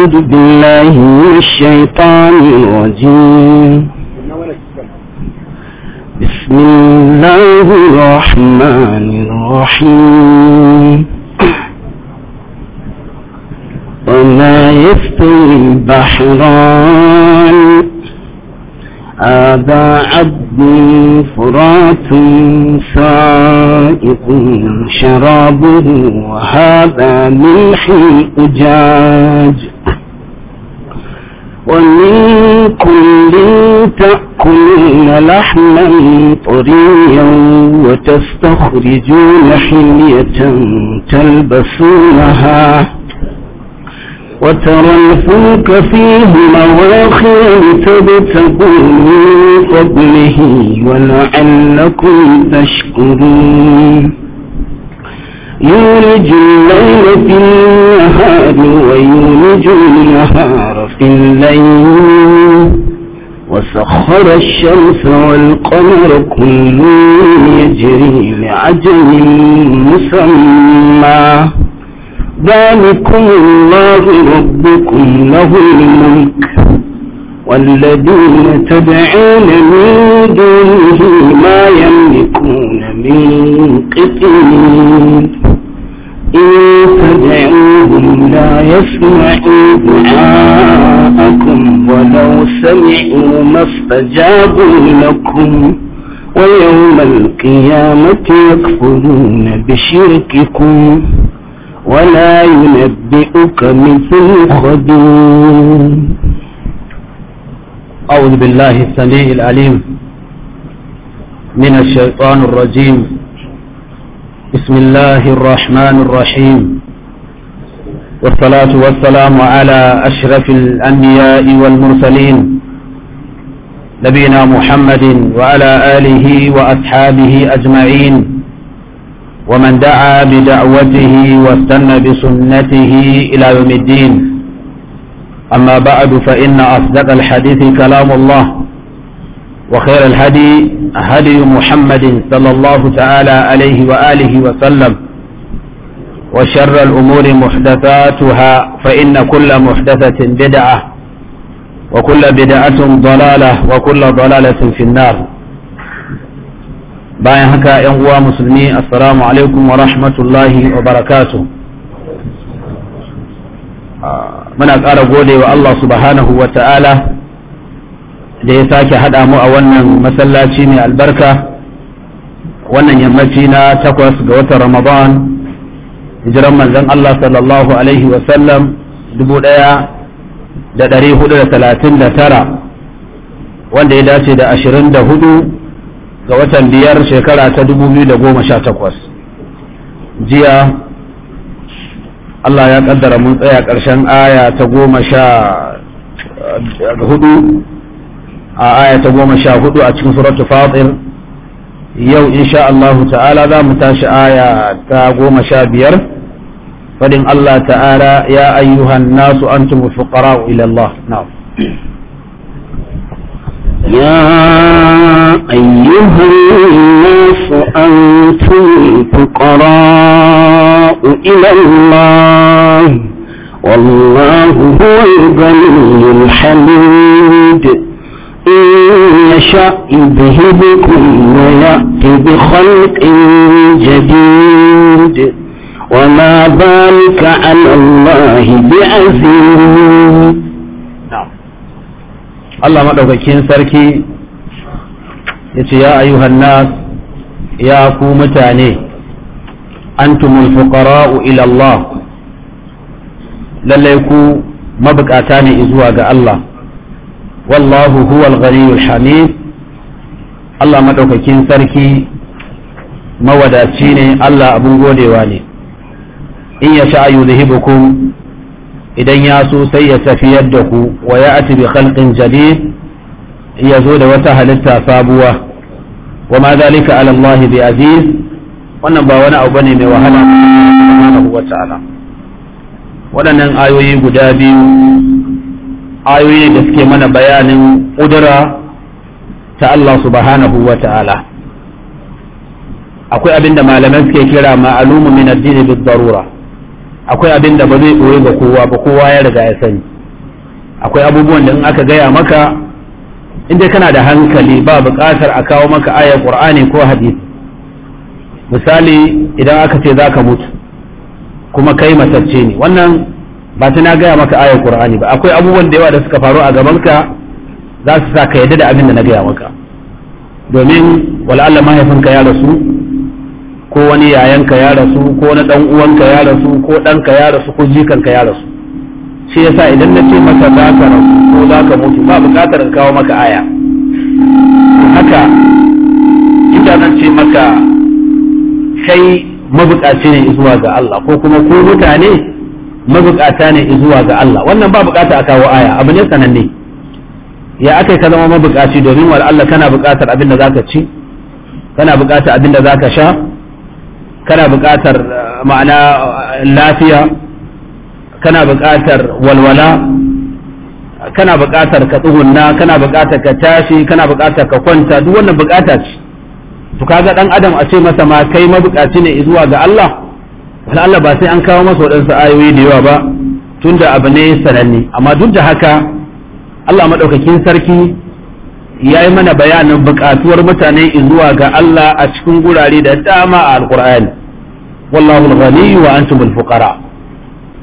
أعوذ بالله من الشيطان الرجيم بسم الله الرحمن الرحيم وما يستوي البحران هذا عبد فرات سائق شرابه وهذا ملح أجاج ومن كل تأكلون لحما طريا وتستخرجون حلية تلبسونها وترى الفلك فيه مواخر تبتغون من فضله ولعلكم تشكرون يولج الليل في النهار ويولج النهار في الليل وسخر الشمس والقمر كل يجري لعجل مسمى ذلكم الله ربكم له الملك والذين تدعون من دونه ما يملكون من قطين إن تدعوهم لا يسمعوا دعاءكم ولو سمعوا ما استجابوا لكم ويوم القيامة يكفرون بشرككم ولا ينبئك مثل خبير أعوذ بالله السميع العليم من الشيطان الرجيم بسم الله الرحمن الرحيم والصلاة والسلام على أشرف الأنبياء والمرسلين نبينا محمد وعلى آله وأصحابه أجمعين ومن دعا بدعوته واستنى بسنته إلى يوم الدين أما بعد فإن أصدق الحديث كلام الله وخير الهدي هدي محمد صلى الله تعالى عليه وآله وسلم وشر الأمور محدثاتها فإن كل محدثة بدعة وكل بدعة ضلالة وكل ضلالة في النار bayan haka ‘yan uwa musulmi assalamu alaikum wa rahmatullahi wa barakatu muna ƙara gode wa Allah subhanahu wa ta'ala da ya sake haɗa mu a wannan masallaci mai albarka wannan yammaci na takwas ga watan ramadan hijiran manzon Allah sallallahu alaihi wasallam dubu ɗaya da ɗari hudu da talatin da tara wanda ya dace da ashirin da hudu ga watan biyar shekara ta dubu biyu da goma sha takwas jiya Allah ya ƙaddara mun tsaya ƙarshen aya ta goma sha eh, hudu a aya ta goma sha hudu a cikin suratu fatir yau insha Allah ta'ala za mu tashi aya ta goma sha biyar fadin Allah ta'ala ya ayyuhan nasu antum fuqara ila Allah na'am يا أيها الناس أنتم الفقراء إلى الله والله هو الغني الحليم يشاء يذهبكم ويأتي بخلق جديد وما ذلك على الله بعزيز Allah maɗaukakin sarki ya ce ya ayyuhan nas ya ku mutane antumul fuqara'u ila Allah lallai ku mabukata ne zuwa ga Allah wallahu huwal ghaniyul hamid Allah madaukakin sarki mawadaci ne Allah abun godewa ne in ya sha'a yuzhibukum idan ya so sai ya tafiyar da ku wa ya'ti bi khalqin jadid ya zo da wata halitta sabuwa wa ma zalika ala Allah bi aziz wannan ba wani abu bane mai wahala subhanahu wata'ala waɗannan ayoyi guda biyu ayoyi da suke mana bayanin ƙudura ta Allah subhanahu wa ta'ala akwai abin da malaman suke kira ma'alumu min addini bid darura akwai abin da ba zai ɓoye ga kowa ba kowa ya riga ya sani akwai abubuwan da in aka gaya maka inda kana da hankali ba buƙatar a kawo maka ayar ƙur'ani ko hadisi misali idan aka ce za ka mutu kuma kai matacce ne wannan ba ta na gaya maka ayar qur'ani ba akwai abubuwan da yawa da suka faru a gaban ka za su sa ka yadda da abin da na gaya maka domin wala'alla mahaifinka ya rasu ko wani yayanka ya rasu ko na dan uwanka ya rasu ko ɗanka ya rasu ko jikanka ya rasu shi yasa idan na ce maka za ka rasu ko za ka mutu ba buƙatar in kawo maka aya haka idan zan ce maka kai mabuƙaci ne zuwa ga Allah ko kuma ko mutane mabukata ne zuwa ga Allah wannan ba bukata a kawo aya abu ne sananne ya aka ka zama mabukaci domin wal Allah kana bukatar abin da zaka ci kana bukatar abin da zaka sha kana bukatar uh, ma'ana uh, lafiya kana bukatar walwala kana bukatar ka tsugunna kana bukatar ka tashi kana bukatar ka kwanta duk wannan bukata ce to kaga dan adam a ce masa ma kai mabukaci ne zuwa ga Allah Allah ba sai an kawo masa waɗansu ayoyi da yawa ba tunda abu ne sananne amma duk da haka Allah maɗaukakin sarki ya yi mana bayanin buƙatuwar mutane zuwa ga Allah a cikin gurare da dama a alƙur'ani wallahu ghani wa antumul fuqara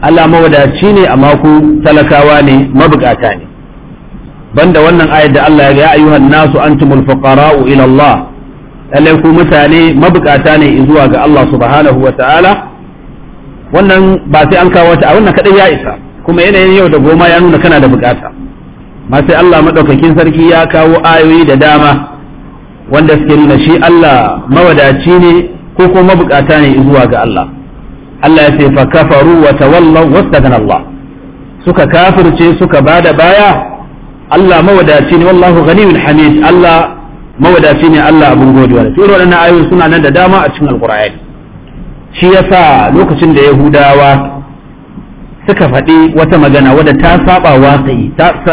Allah mawadaci ne amma ku talakawa ne mabukata ne banda wannan ayat da Allah ya ga ayyuhan nasu antumul fuqara'u ila Allah lalle ku mutane mabukata ne zuwa ga Allah subhanahu wa ta'ala wannan ba sai an kawo ta a wannan kadai ya isa kuma yanayin yau da goma ya nuna kana da bukata ma sai Allah madaukakin sarki ya kawo ayoyi da dama wanda suke nuna shi Allah mawadaci ne ko kuma mabukata ne zuwa ga Allah Allah ya ce fa kafaru wa tawallaw wastaghna Allah suka kafirce suka bada baya Allah mawadaci ne wallahu ghaniyyun hamid Allah mawadaci ne Allah abun godewa da wadannan ayoyi suna nan da dama a cikin alqur'ani shi yasa lokacin da yahudawa suka faɗi wata magana wadda ta saba wa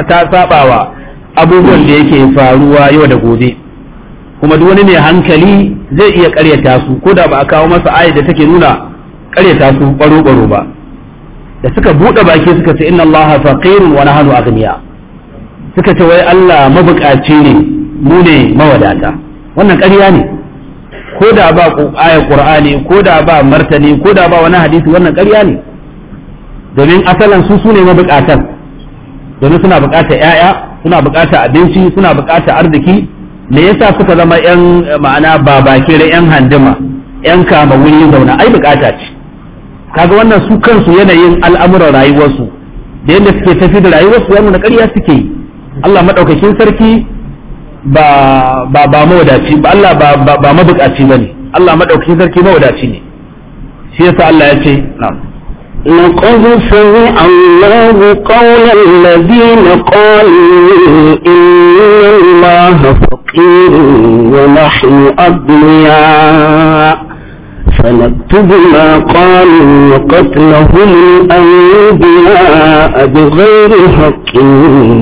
ta saba wa abubuwan da yake faruwa yau da gobe kuma duk wani mai hankali zai iya karyata su ko da ba a kawo masa ayat da take nuna karyata su baro baro ba da suka buɗe baki suka ce inna Allah faqirun wa nahnu aghniya suka ce wai Allah mabukaci ne mu ne mawadata wannan ƙarya ne ko da ba ayar qur'ani ko da ba martani ko da ba wani hadisi wannan ƙarya ne domin asalan su su ne domin suna bukatar yaya suna bukatar abinci suna bukatar arziki me yasa suka zama yan ma'ana da yan handima yan kama wuri zauna ai bukata ce kaga wannan su kansu yanayin al'amuran rayuwarsu da yadda suke tafi da rayuwarsu ya na ƙarya suke yi Allah madaukakin sarki ba ba ba mawadaci ba Allah ba ba mabukaci Allah madaukakin sarki mawadaci ne shi yasa Allah ya ce na لقد سمع الله قول الذين قالوا إن الله فقير ونحن أبنياء فنكتب ما قالوا وقتلهم الأنبياء بغير حق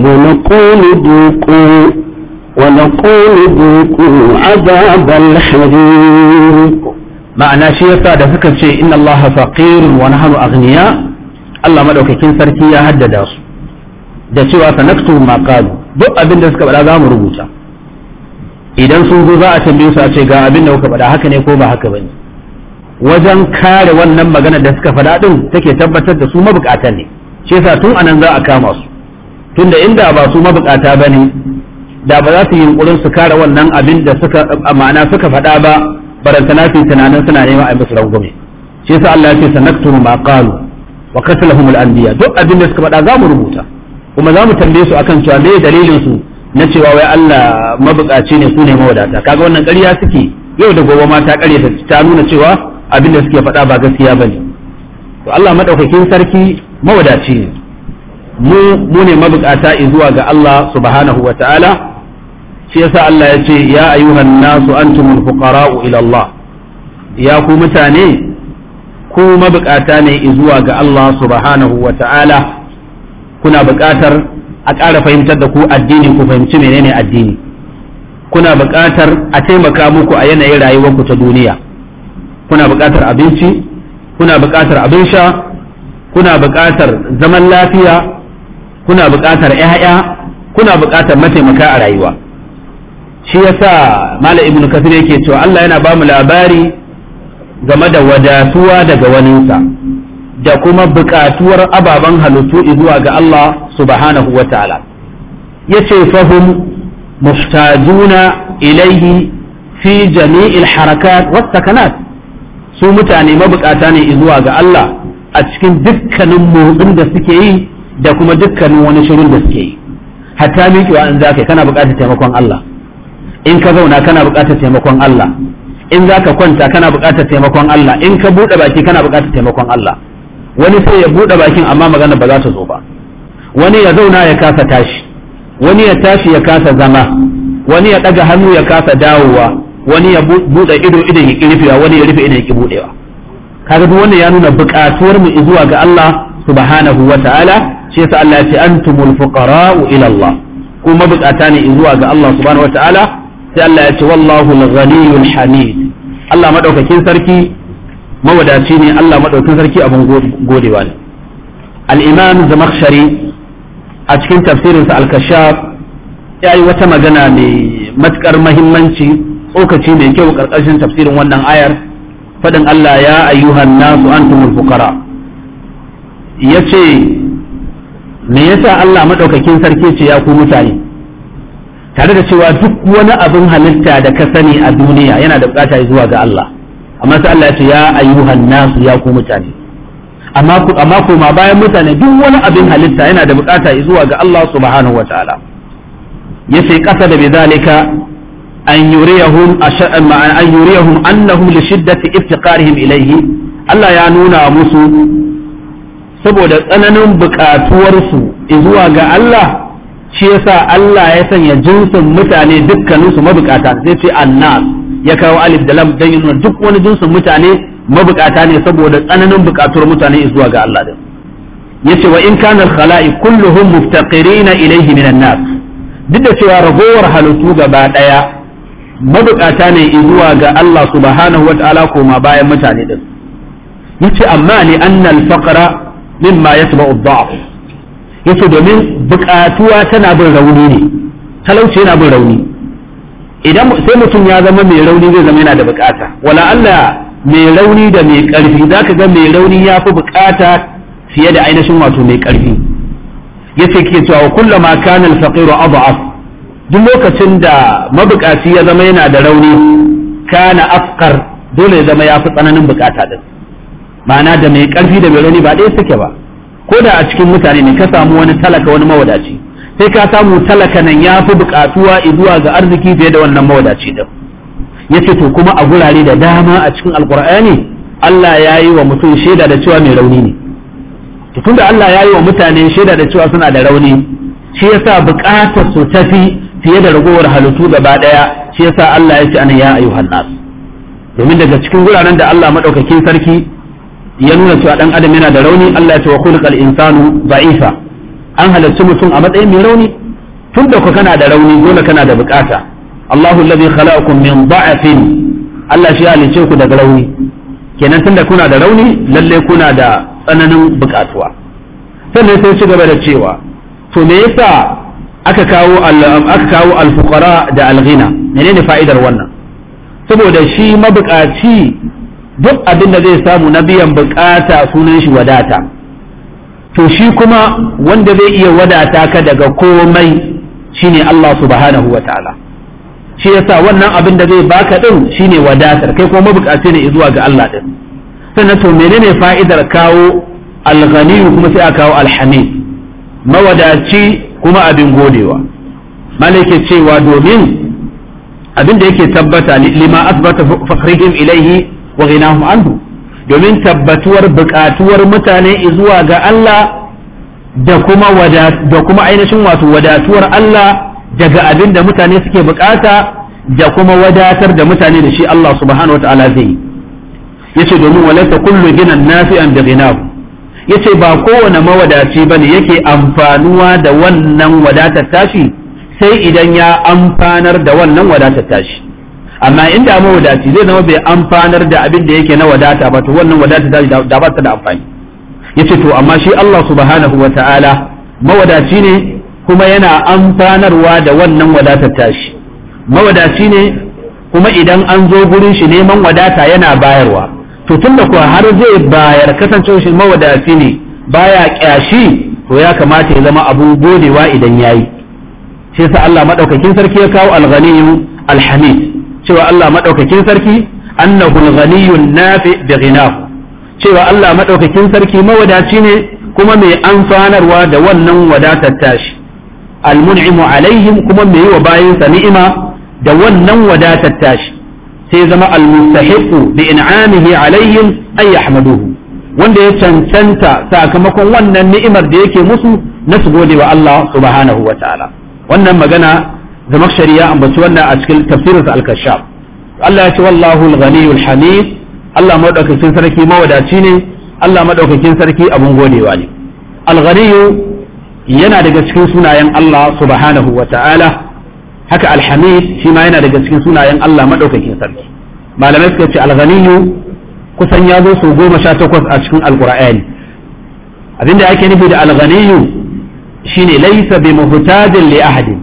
ونقول ذوقوا ونقول ذوقوا عذاب الحريق ma'ana shi da suka ce inna allaha faqirun wa nahnu aghniya Allah madaukakin sarki ya haddada su da cewa sanaktu ma qalu duk abin da suka faɗa za mu rubuta idan sun zo za a tambaye su a ce ga abin da kuka faɗa haka ne ko ba haka bane wajen kare wannan magana da suka faɗa din take tabbatar da su mabukatan ne shi yasa tun anan za a kama su tunda inda ba su mabukata bane da ba za su yi yunkurin su kare wannan abin da suka amana suka faɗa ba barantana su tunanin suna neman a musu rangwame shi yasa Allah ya ce sanaktumu ma qalu wa qatalahum al anbiya duk abin da suka faɗa za mu rubuta kuma za mu tambaye su akan cewa me dalilin su na cewa wai Allah mabukaci ne su ne mawadata kaga wannan ƙarya suke yau da gobe ma ta ƙarya ta nuna cewa abin da suke faɗa ba gaskiya bane to Allah madaukakin sarki mawadaci ne mu mu ne mabukata zuwa ga Allah subhanahu wa ta'ala shi yasa Allah ya ce ya ayyuhan nasu antumul fuqara'u ila Allah ya ku mutane ku mabukata ne zuwa ga Allah subhanahu wa ta'ala kuna bukatar a ƙara fahimtar da ku addini ku fahimci menene addini kuna bukatar a taimaka muku a yanayin rayuwarku ta duniya kuna bukatar abinci kuna bukatar abin sha kuna bukatar zaman lafiya kuna bukatar 'ya'ya kuna bukatar mataimaka a rayuwa shi yasa malam ibnu kasir yake cewa Allah yana bamu labari game da wadatuwa daga waninsa da kuma bukatuwar ababen halittu zuwa ga Allah subhanahu wa ta'ala yace fahum muhtajuna ilaihi fi jami'il harakat was sakanat su mutane mabukata ne zuwa ga Allah a cikin dukkanin motsin da suke yi da kuma dukkanin wani shirin da suke yi hatta miƙewa in za kana bukatar taimakon Allah in ka zauna kana buƙatar taimakon Allah in za ka kwanta kana buƙatar taimakon Allah in ka buɗe baki kana buƙatar taimakon Allah wani sai ya buɗe bakin amma magana ba za ta zo ba wani ya zauna ya kasa tashi wani ya tashi ya kasa zama wani ya ɗaga hannu ya kasa dawowa wani ya buɗe ido idan ya rufewa wani ya rufe idan ya buɗewa kaga duk wannan ya nuna buƙatuwar mu zuwa ga Allah subhanahu wa ta'ala shi yasa Allah ya ce antumul fuqara'u ila Allah kuma buƙata ne zuwa ga Allah subhanahu wa ta'ala sai Allah ya ce wallahu al hamid Allah madaukakin sarki mawadaci ne Allah madaukakin sarki abin godewa ne al-imam zamakhshari a cikin tafsirinsa al-kashaf ya yi wata magana mai matukar mahimmanci tsokaci mai kyau karkashin tafsirin wannan ayar fadin Allah ya ayyuhan nasu antumul fuqara yace me yasa Allah madaukakin sarki ce ya ku mutane tare da cewa duk wani abin halitta da ka sani a duniya yana da bukata zuwa ga Allah amma sai Allah ya ce ya ayyuhan nasu ya ku mutane amma ku amma ku ma bayan mutane duk wani abin halitta yana da bukata zuwa ga Allah subhanahu wataala yace kasa da bidalika an yuriyahum an yuriyahum annahum li shiddati iftiqarihim ilayhi Allah ya nuna musu saboda tsananin bukatuwarsu zuwa ga Allah shi yasa Allah ya sanya jinsin mutane dukkaninsu mabukata zai ce annas ya kawo alif da lam dan yin duk wani jinsin mutane mabukata ne saboda tsananin bukatuwar mutane zuwa ga Allah din yace wa in kana khala'i kulluhum muftaqirin ilayhi minan nas duk da cewa ragowar halittu gaba daya mabukata ne zuwa ga Allah subhanahu wataala koma bayan mutane din yace amma li anna al-faqra mimma yatba'u ad-da'f yace domin bukatuwa tana bin rauni ne talauci yana bin rauni idan sai mutum ya zama mai rauni zai zama yana da bukata wala Allah mai rauni da mai karfi zaka ga mai rauni ya fi bukata fiye da ainihin wato mai karfi yace ke cewa kullama kana al-faqir ad'af duk lokacin da mabukaci ya zama yana da rauni kana afkar dole ya zama ya fi tsananin bukata din ma'ana da mai karfi da mai rauni ba ɗaya suke ba ko da a cikin mutane ne ka samu wani talaka wani mawadaci sai ka samu talaka nan ya fi buƙatuwa zuwa ga arziki fiye da wannan mawadaci din ce to kuma a gurare da dama a cikin alƙur'ani Allah ya yi wa mutum shaida da cewa mai rauni ne tunda Allah ya yi wa mutane shaida da cewa suna da rauni shi yasa buƙatar su tafi fiye da ragowar halittu gaba ɗaya, shi yasa Allah ya ce ana ya ayyuhan nas domin daga cikin guraren da Allah madaukakin sarki ya nuna cewa dan adam yana da rauni Allah ya ce wa khuliqal insanu da'ifa an halarci mutum a matsayin mai rauni tun da ku kana da rauni dole kana da bukata Allahu alladhi khalaqakum min da'afin Allah shi ya halice ku daga rauni kenan tun da kuna da rauni lalle kuna da tsananin bukatuwa sannan sai ci gaba da cewa to me yasa aka kawo aka kawo da al menene fa'idar wannan saboda shi mabukaci duk abin da zai samu na biyan bukata sunan shi wadata to shi kuma wanda zai iya wadata ka daga komai shine Allah subhanahu wa ta'ala shi yasa wannan abin da zai baka din shine wadatar kai kuma mabukaci ne zuwa ga Allah din sannan to menene fa'idar kawo alghani kuma sai a kawo alhamid mawadaci kuma abin godewa malike cewa domin abin da yake tabbata lima asbata fakrihim ilaihi wa ghinahum anhu domin tabbatuwar bukatuwar mutane zuwa ga Allah da kuma da kuma ainihin wato wadatuwar Allah daga abin da mutane suke bukata da kuma wadatar da mutane da shi Allah subhanahu wataala zai yace domin walaysa kullu ginan nafi'an bi ghinahu yace ba kowane mawadaci bane yake amfanuwa da wannan wadatar tashi sai idan ya amfanar da wannan wadatar tashi amma in da mawadaci zai zama bai amfanar da abin da yake na wadata ba to wannan wadata ta da ba ta da amfani yace to amma shi Allah subhanahu wa ta'ala mawadaci ne kuma yana amfanarwa da wannan wadatar tashi mawadaci ne kuma idan an zo gurin shi neman wadata yana bayarwa to tunda kuwa har zai bayar kasancewa shi mawadaci ne baya kyashi to ya kamata ya zama abun godewa idan yayi sai sa Allah madaukakin sarki ya kawo al-ghaniyyu al-hamid cewa Allah madaukakin sarki annahu al-ghaniyyun nafi bi ghinahu cewa Allah madaukakin sarki mawadaci ne kuma mai amfanarwa da wannan wadatar tashi al-mun'imu alaihim kuma mai wa bayinsa ni'ima da wannan wadatar tashi sai zama al-mustahiqu bi in'amihi alaihim ay yahmaduhu wanda ya cancanta sakamakon wannan ni'imar da yake musu na su gode wa Allah subhanahu wata'ala ta'ala wannan magana zamakshari shari'a ambaci wannan a cikin tafsirinsa al-kashaf Allah ya ce wallahu al-ghaniyul hamid Allah madaukakin sarki mawadaci ne Allah madaukakin sarki abun godewa ne al-ghaniyu yana daga cikin sunayen Allah subhanahu wa ta'ala haka al-hamid shi ma yana daga cikin sunayen Allah madaukakin sarki malamai suka ce al-ghaniyu kusan ya zo su goma sha takwas a cikin al-qur'ani abinda ake nufi da al-ghaniyu shine laysa bi muhtajin li ahadin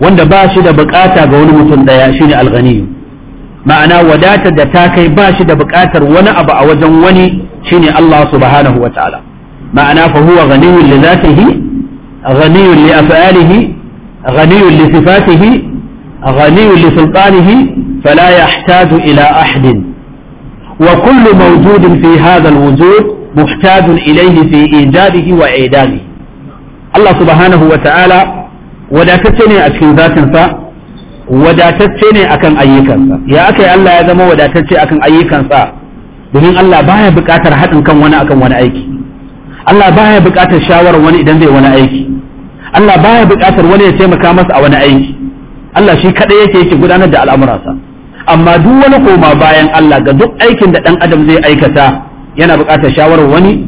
wanda ba shi da bukata ga wani mutum daya shine alghani ma'ana wadatar da ta kai ba shi da bukatar wani abu a wajen wani shine Allah subhanahu wa ta'ala ma'ana fa huwa ghaniyyun li zatihi ghaniyyun li af'alihi ghaniyyun li sifatihi ghaniyyun li sultanihi fala yahtaju ila ahadin wa kullu mawjudin fi hadha alwujud محتاج إليه في إيجاده وإعدامه الله سبحانه وتعالى wadatacce ne a cikin zatinsa wadatacce ne akan ayyukansa ya aka yi Allah ya zama wadatacce akan ayyukansa domin Allah baya buƙatar haɗin kan wani akan wani aiki Allah baya buƙatar shawarar wani idan zai wani aiki Allah baya buƙatar wani ya taimaka masa a wani aiki Allah shi kaɗai yake yake gudanar da al'amuransa amma duk wani koma bayan Allah ga duk aikin da ɗan adam zai aikata yana buƙatar shawarar wani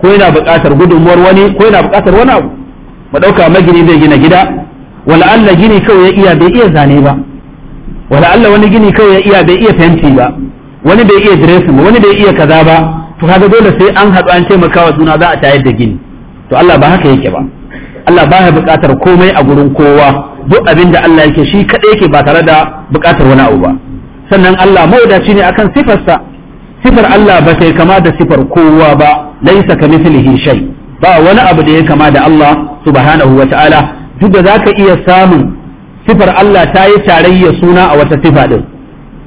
ko yana buƙatar gudunmuwar wani ko yana buƙatar wani abu mu ɗauka magini zai gina gida wala Allah gini kawai ya iya bai iya zane ba wala Allah wani gini kawai ya iya bai iya fenti ba wani bai iya dressing ba wani bai iya kaza ba to kaga dole sai an haɗu an taimakawa juna za a tayar da gini to Allah ba haka yake ba Allah ba ya buƙatar komai a gurin kowa duk abin da Allah yake shi kaɗai yake ba tare da buƙatar wani abu ba sannan Allah mawadaci ne akan sifarsa sifar Allah ba sai kama da sifar kowa ba laisa ka mithlihi shay ba wani abu da ya kama da Allah subhanahu wa ta'ala duk da za ka iya samun sifar Allah ta yi tarayya suna a wata sifa ɗin,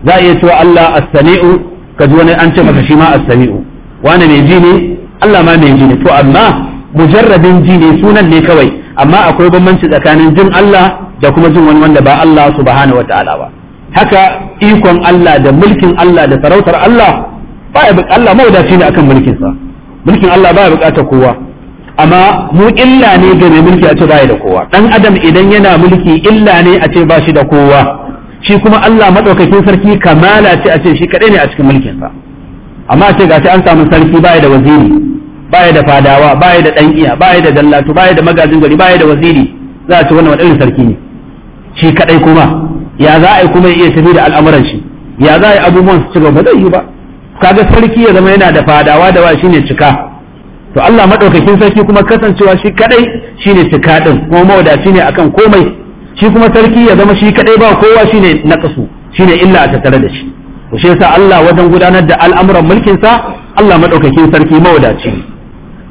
za a iya cewa Allah as-sami'u ka ji wani an ce maka shi ma as-sami'u wani mai ji ne Allah ma mai ji ne to amma mujarrabin ji ne sunan ne kawai amma akwai bambanci tsakanin jin Allah da kuma jin wani wanda ba Allah subhanahu ta'ala ba haka ikon Allah da mulkin Allah da sarautar Allah baya Allah mawadaci ne akan mulkin mulkin Allah baya bukatar kowa amma mu illa ne ga mai mulki a ce ba da kowa dan adam idan yana mulki illa ne a ce ba shi da kowa shi kuma Allah madaukakin sarki kamala ce a ce shi kadai ne a cikin mulkin sa amma ce gashi an samu sarki bai da waziri bai da fadawa bai da dan iya bai da dallatu bai da magajin gari bai da waziri za a ce wannan wadannan sarki ne shi kadai kuma ya za a yi kuma ya iya tafi da al'amuran shi ya za a yi abubuwan su ci gaba zai yi ba kaga sarki ya zama yana da fadawa da wa shine cika to Allah madaukakin sarki kuma kasancewa shi kadai shine cika din kuma mawadaci ne akan komai shi kuma sarki ya zama shi kadai ba kowa shine naqasu shine illa a tattare da shi to shi yasa Allah wajen gudanar da al'amuran mulkin sa Allah madaukakin sarki mawadaci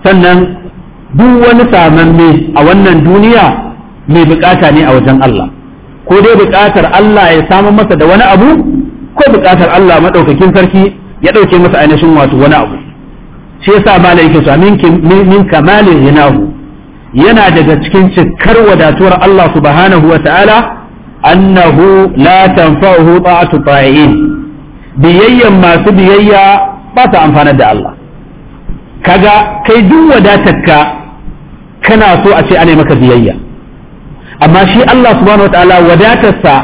sannan duk wani samamme a wannan duniya mai bukata ne a wajen Allah ko dai bukatar Allah ya samu masa da wani abu ko bukatar Allah madaukakin sarki ya dauke masa ainihin wato wani abu shi yasa malai yake cewa min kamalin yanahu yana daga cikin cikar wadatuwar Allah subhanahu wa ta'ala annahu la tanfa'uhu ta'atu ta'in biyayyan masu biyayya ba ta amfanar da Allah kaga kai duk wadatarka kana so a ce ana maka biyayya amma shi Allah subhanahu wataala wadatarsa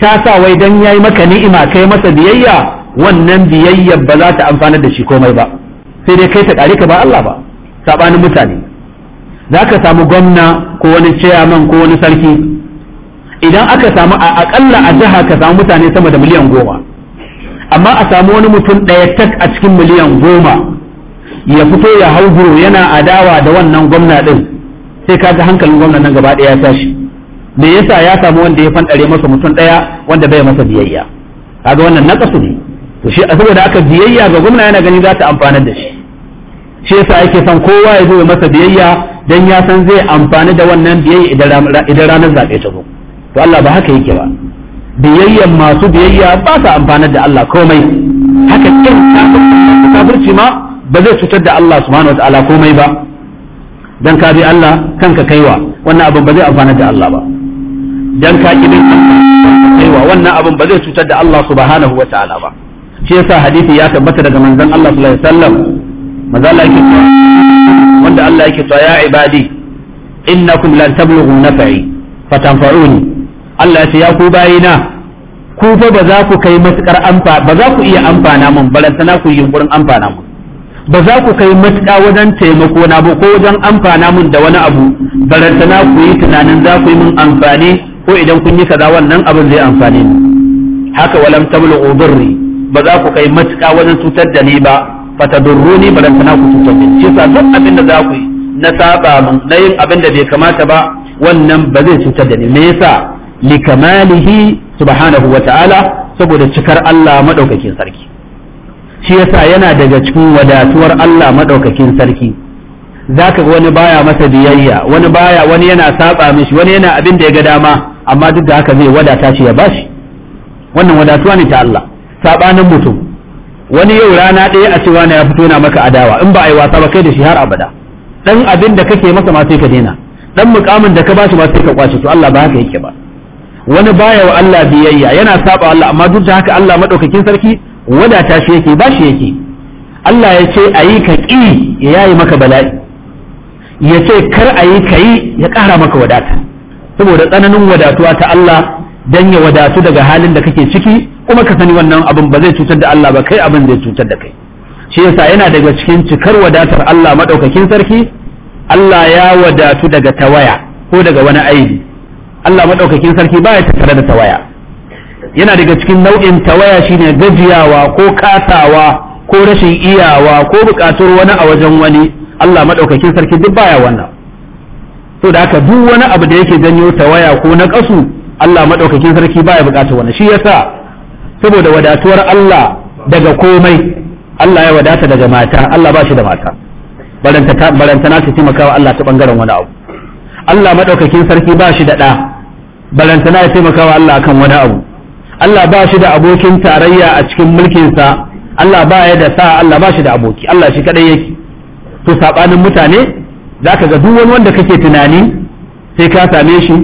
ta sa wai dan yayi maka ni'ima kai masa biyayya wannan biyayyar ba za ta amfanar da shi komai ba sai dai kai ta kare ka ba Allah ba sabanin mutane za ka samu gwamna ko wani chairman ko wani sarki idan aka samu a akalla a jiha ka samu mutane sama da miliyan goma amma a samu wani mutum ɗaya tak a cikin miliyan goma ya fito ya hau yana adawa da wannan gwamna din sai ka ga hankalin gwamna nan gaba ɗaya ya tashi me yasa ya samu wanda ya fanɗare masa mutum ɗaya wanda bai masa biyayya kaga wannan nakasu ne to shi a saboda aka biyayya ga gwamna yana gani za ta amfanar da shi shi yasa yake son kowa ya zo masa biyayya dan ya san zai amfani da wannan biyayya idan ranar zaɓe ta zo to Allah ba haka yake ba biyayya masu biyayya ba sa amfanar da Allah komai haka kin kafirci ma ba zai cutar da Allah subhanahu wataala komai ba dan ka bi Allah kanka kaiwa wannan abin ba zai amfanar da Allah ba dan ka ki bin kaiwa wannan abin ba zai cutar da Allah subhanahu wataala ba shi yasa hadisi ya tabbata daga manzon Allah sallallahu alaihi wasallam manzo Allah yake cewa wanda Allah yake cewa ya ibadi innakum lan tablughu naf'i fatanfa'uni Allah ya ce ya ku bayina ku fa ba za ku kai matukar amfa ba za ku iya amfana mun balantana ku yunkurin amfana mun ba za ku kai matuƙa wajen taimako na ba ko wajen amfana mun da wani abu na ku yi tunanin za ku yi mun amfani ko idan kun yi kaza wannan abin zai amfane ni haka walam tablughu dhurri ba za ku kai matuƙa wajen cutar da ni ba fatadurruni balantana ku cutar da shi yasa duk abin da za ku yi na saba mun na yin abin da bai kamata ba wannan ba zai cutar da ni me yasa li kamalihi subhanahu wa ta'ala saboda cikar Allah madaukakin sarki shi yasa yana daga cikin wadatuwar Allah madaukakin sarki za ka wani baya masa biyayya wani baya wani yana saba mishi wani yana abin da ya ga dama amma duk da haka zai wadata shi ya bashi wannan wadatuwa ne ta Allah sabanin mutum wani yau rana ɗaya a cewa na ya fito yana maka adawa in ba a yi wasa ba kai da shi har abada dan abin da kake masa ma sai ka daina dan mukamin da ka bashi ma sai ka kwace to Allah ba haka yake ba wani baya wa Allah biyayya yana saba Allah amma duk da haka Allah madaukakin sarki wadata shi yake ba shi yake Allah ya ce ayi ka ki ya yayi maka bala'i ya ce kar ayi ka yi ya ƙara maka wadata saboda tsananin wadatuwa ta Allah dan ya wadatu daga halin da kake ciki kuma ka sani wannan abin ba zai cutar da Allah ba kai abin zai cutar da kai shi yasa yana daga cikin cikar wadatar Allah madaukakin sarki Allah ya wadatu daga tawaya ko daga wani aibi Allah madaukakin sarki baya tattare da tawaya yana daga cikin nau'in tawaya shine gajiyawa ko katawa ko rashin iyawa ko buƙatar wani a wajen wani Allah madaukakin sarki duk baya wannan to da haka duk wani abu da yake janyo tawaya ko na kasu Allah madaukakin sarki baya buƙatar wani shi yasa saboda wadatuwar Allah daga komai Allah ya wadata daga mata Allah ba shi da mata barantana su makawa Allah ta bangaren wani abu Allah madaukakin sarki ba shi da ɗa barantana ya taimakawa Allah kan wani abu Allah ba shi da abokin tarayya a cikin mulkinsa Allah ba ya da sa Allah ba shi da aboki Allah shi kadai yake to sabanin mutane zaka ga duk wani wanda kake tunani sai ka same shi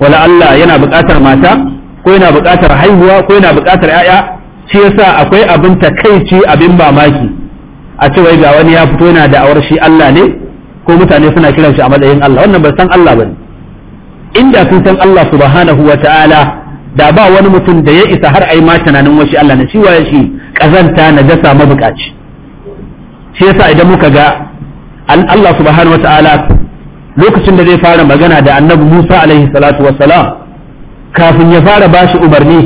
wala Allah yana buƙatar mata ko yana buƙatar haihuwa ko yana buƙatar 'ya'ya shi yasa akwai abin takaici abin mamaki a cewa ga wani ya fito yana da shi Allah ne ko mutane suna kiran shi a matsayin Allah wannan bai san Allah bane inda sun san Allah subhanahu wa ta'ala da ba wani mutum da ya isa har ai ma tunanin wasu Allah ne shi waye shi kazanta najasa mabukaci shi yasa idan muka ga Allah subhanahu wa ta'ala lokacin da zai fara magana da annabi Musa alaihi salatu wassalam kafin ya fara bashi umarni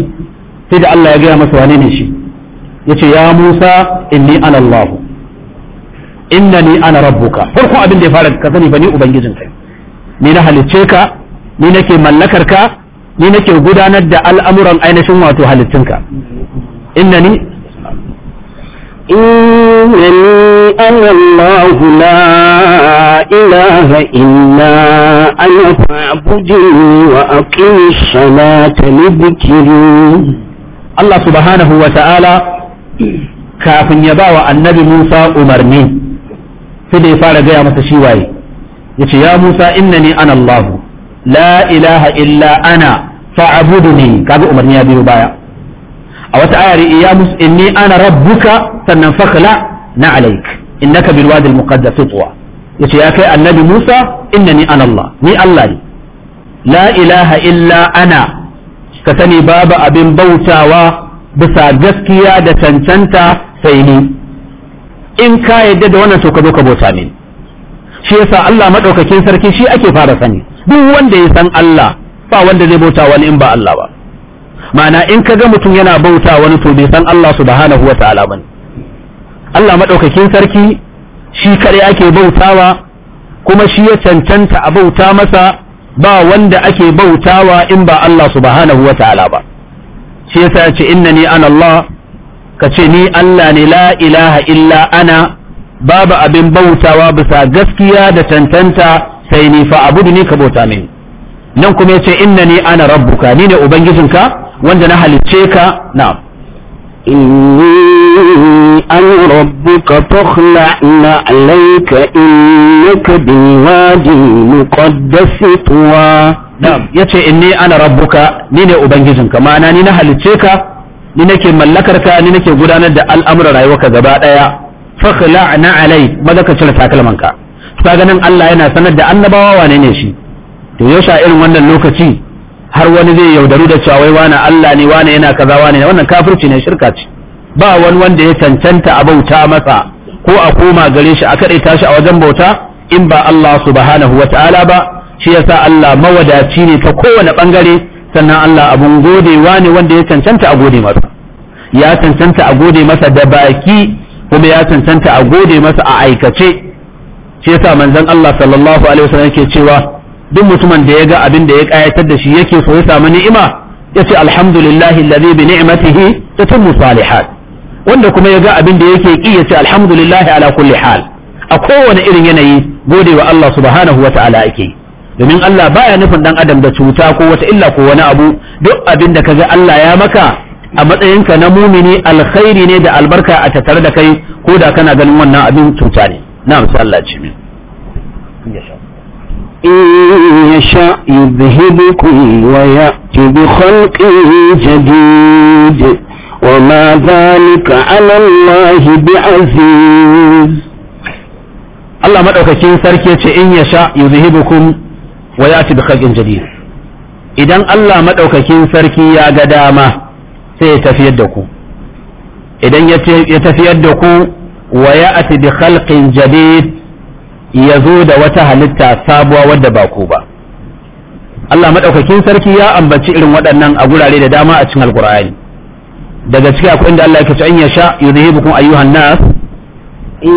sai da Allah ya gaya masa wane ne shi yace ya Musa inni ana Allah ni ana rabbuka farko abin da ya fara ka sani ni ubangijin kai ni na halicce ka ni nake mallakar ka ni nake gudanar da al'amuran ainihin wato halittunka ni. إنني أنا الله لا إله إلا أنا فاعبدني وأقم الصلاة لذكري الله سبحانه وتعالى كافن يباوى النبي موسى أمرني sai da ya fara gaya masa shi waye ya ya musa innani ana allahu la ilaha illa ana ne kaga umarni a biyu baya a wata ayar iyamus inni ana rabbuka sannan fakhla na alaik innaka bil wadi al muqaddas tutwa yace ya kai annabi Musa innani ana Allah ni Allah ne la ilaha illa ana ka sani babu abin bautawa bisa gaskiya da cancanta sai ni in ka yadda da wannan to ka zo ka bauta ne shi yasa Allah madaukakin sarki shi ake fara sani duk wanda ya san Allah ba wanda zai bauta wani in ba Allah ba ma'ana in ka ga mutum yana bauta wani to bai san Allah subhanahu wa ta'ala bane Allah madaukakin sarki shi kare ake bautawa kuma shi ya cancanta a bauta masa ba wanda ake bautawa in ba Allah subhanahu wa ta'ala ba shi yasa ya ce innani ana Allah ka ce ni Allah ne la ilaha illa ana babu abin bautawa bisa gaskiya da tantanta sai ni fa abudu ni ka bauta mini nan kuma ya ce innani ana rabbuka ni ne ubangijinka wanda na halicce ka na'am inni an rabbuka fakhla'na alayka innaka bilwadi muqaddasi tuwa na'am yace inni ana rabbuka ni ne ubangijinka ma'ana ni na halicce ka ni nake mallakar ka ni nake gudanar da al'amuran rayuwarka gaba daya fakhla'na alai maza ka cire takalmanka ka ganin Allah yana sanar da annabawa wane ne shi to yaushe a irin wannan lokaci har wani zai yaudaru da cewa wai wani Allah ne wani yana kaza wani wannan kafirci ne shirka ce ba wani wanda ya cancanta a bauta masa ko a koma gare shi a kaɗe tashi a wajen bauta in ba Allah subhanahu wa ta'ala ba shi yasa Allah mawadaci ne ta kowane bangare sannan Allah abun godewa ne wanda ya cancanta a gode masa ya cancanta a gode masa da baki kuma ya cancanta a gode masa a aikace shi yasa manzon Allah sallallahu alaihi wasallam yake cewa duk mutumin da ya ga abin da ya kayatar da shi yake so ya samu ni'ima ya ce alhamdulillahi alladhi bi ni'matihi tatimmu salihat wanda kuma ya ga abin da yake ki ya ce alhamdulillahi ala kulli hal a kowane irin yanayi gode wa Allah subhanahu wa ta'ala ake domin Allah baya nufin dan adam da cuta ko wata illa ko wani abu duk abin da kaga Allah ya maka a matsayinka na mumini alkhairi ne da albarka a tattare da kai ko da kana ganin wannan abin cuta ne na Allah ce min إن يشاء يذهبكم ويأتي بخلق جديد وما ذلك على الله بعزيز Allah maɗaukakin sarki ce in ya sha yuzhibukum wa bi idan Allah maɗaukakin sarki ya ga dama sai ya tafiyar da ku idan ya tafiyar da ku wa bi khalqin jadid ya zo da wata halitta sabuwa wadda ba ku ba Allah madaukakin sarki ya ambaci irin waɗannan a gurare da dama a cikin alkur'ani daga ciki akwai inda Allah ya cewa in yasha yuzhibukum ayyuhan nas in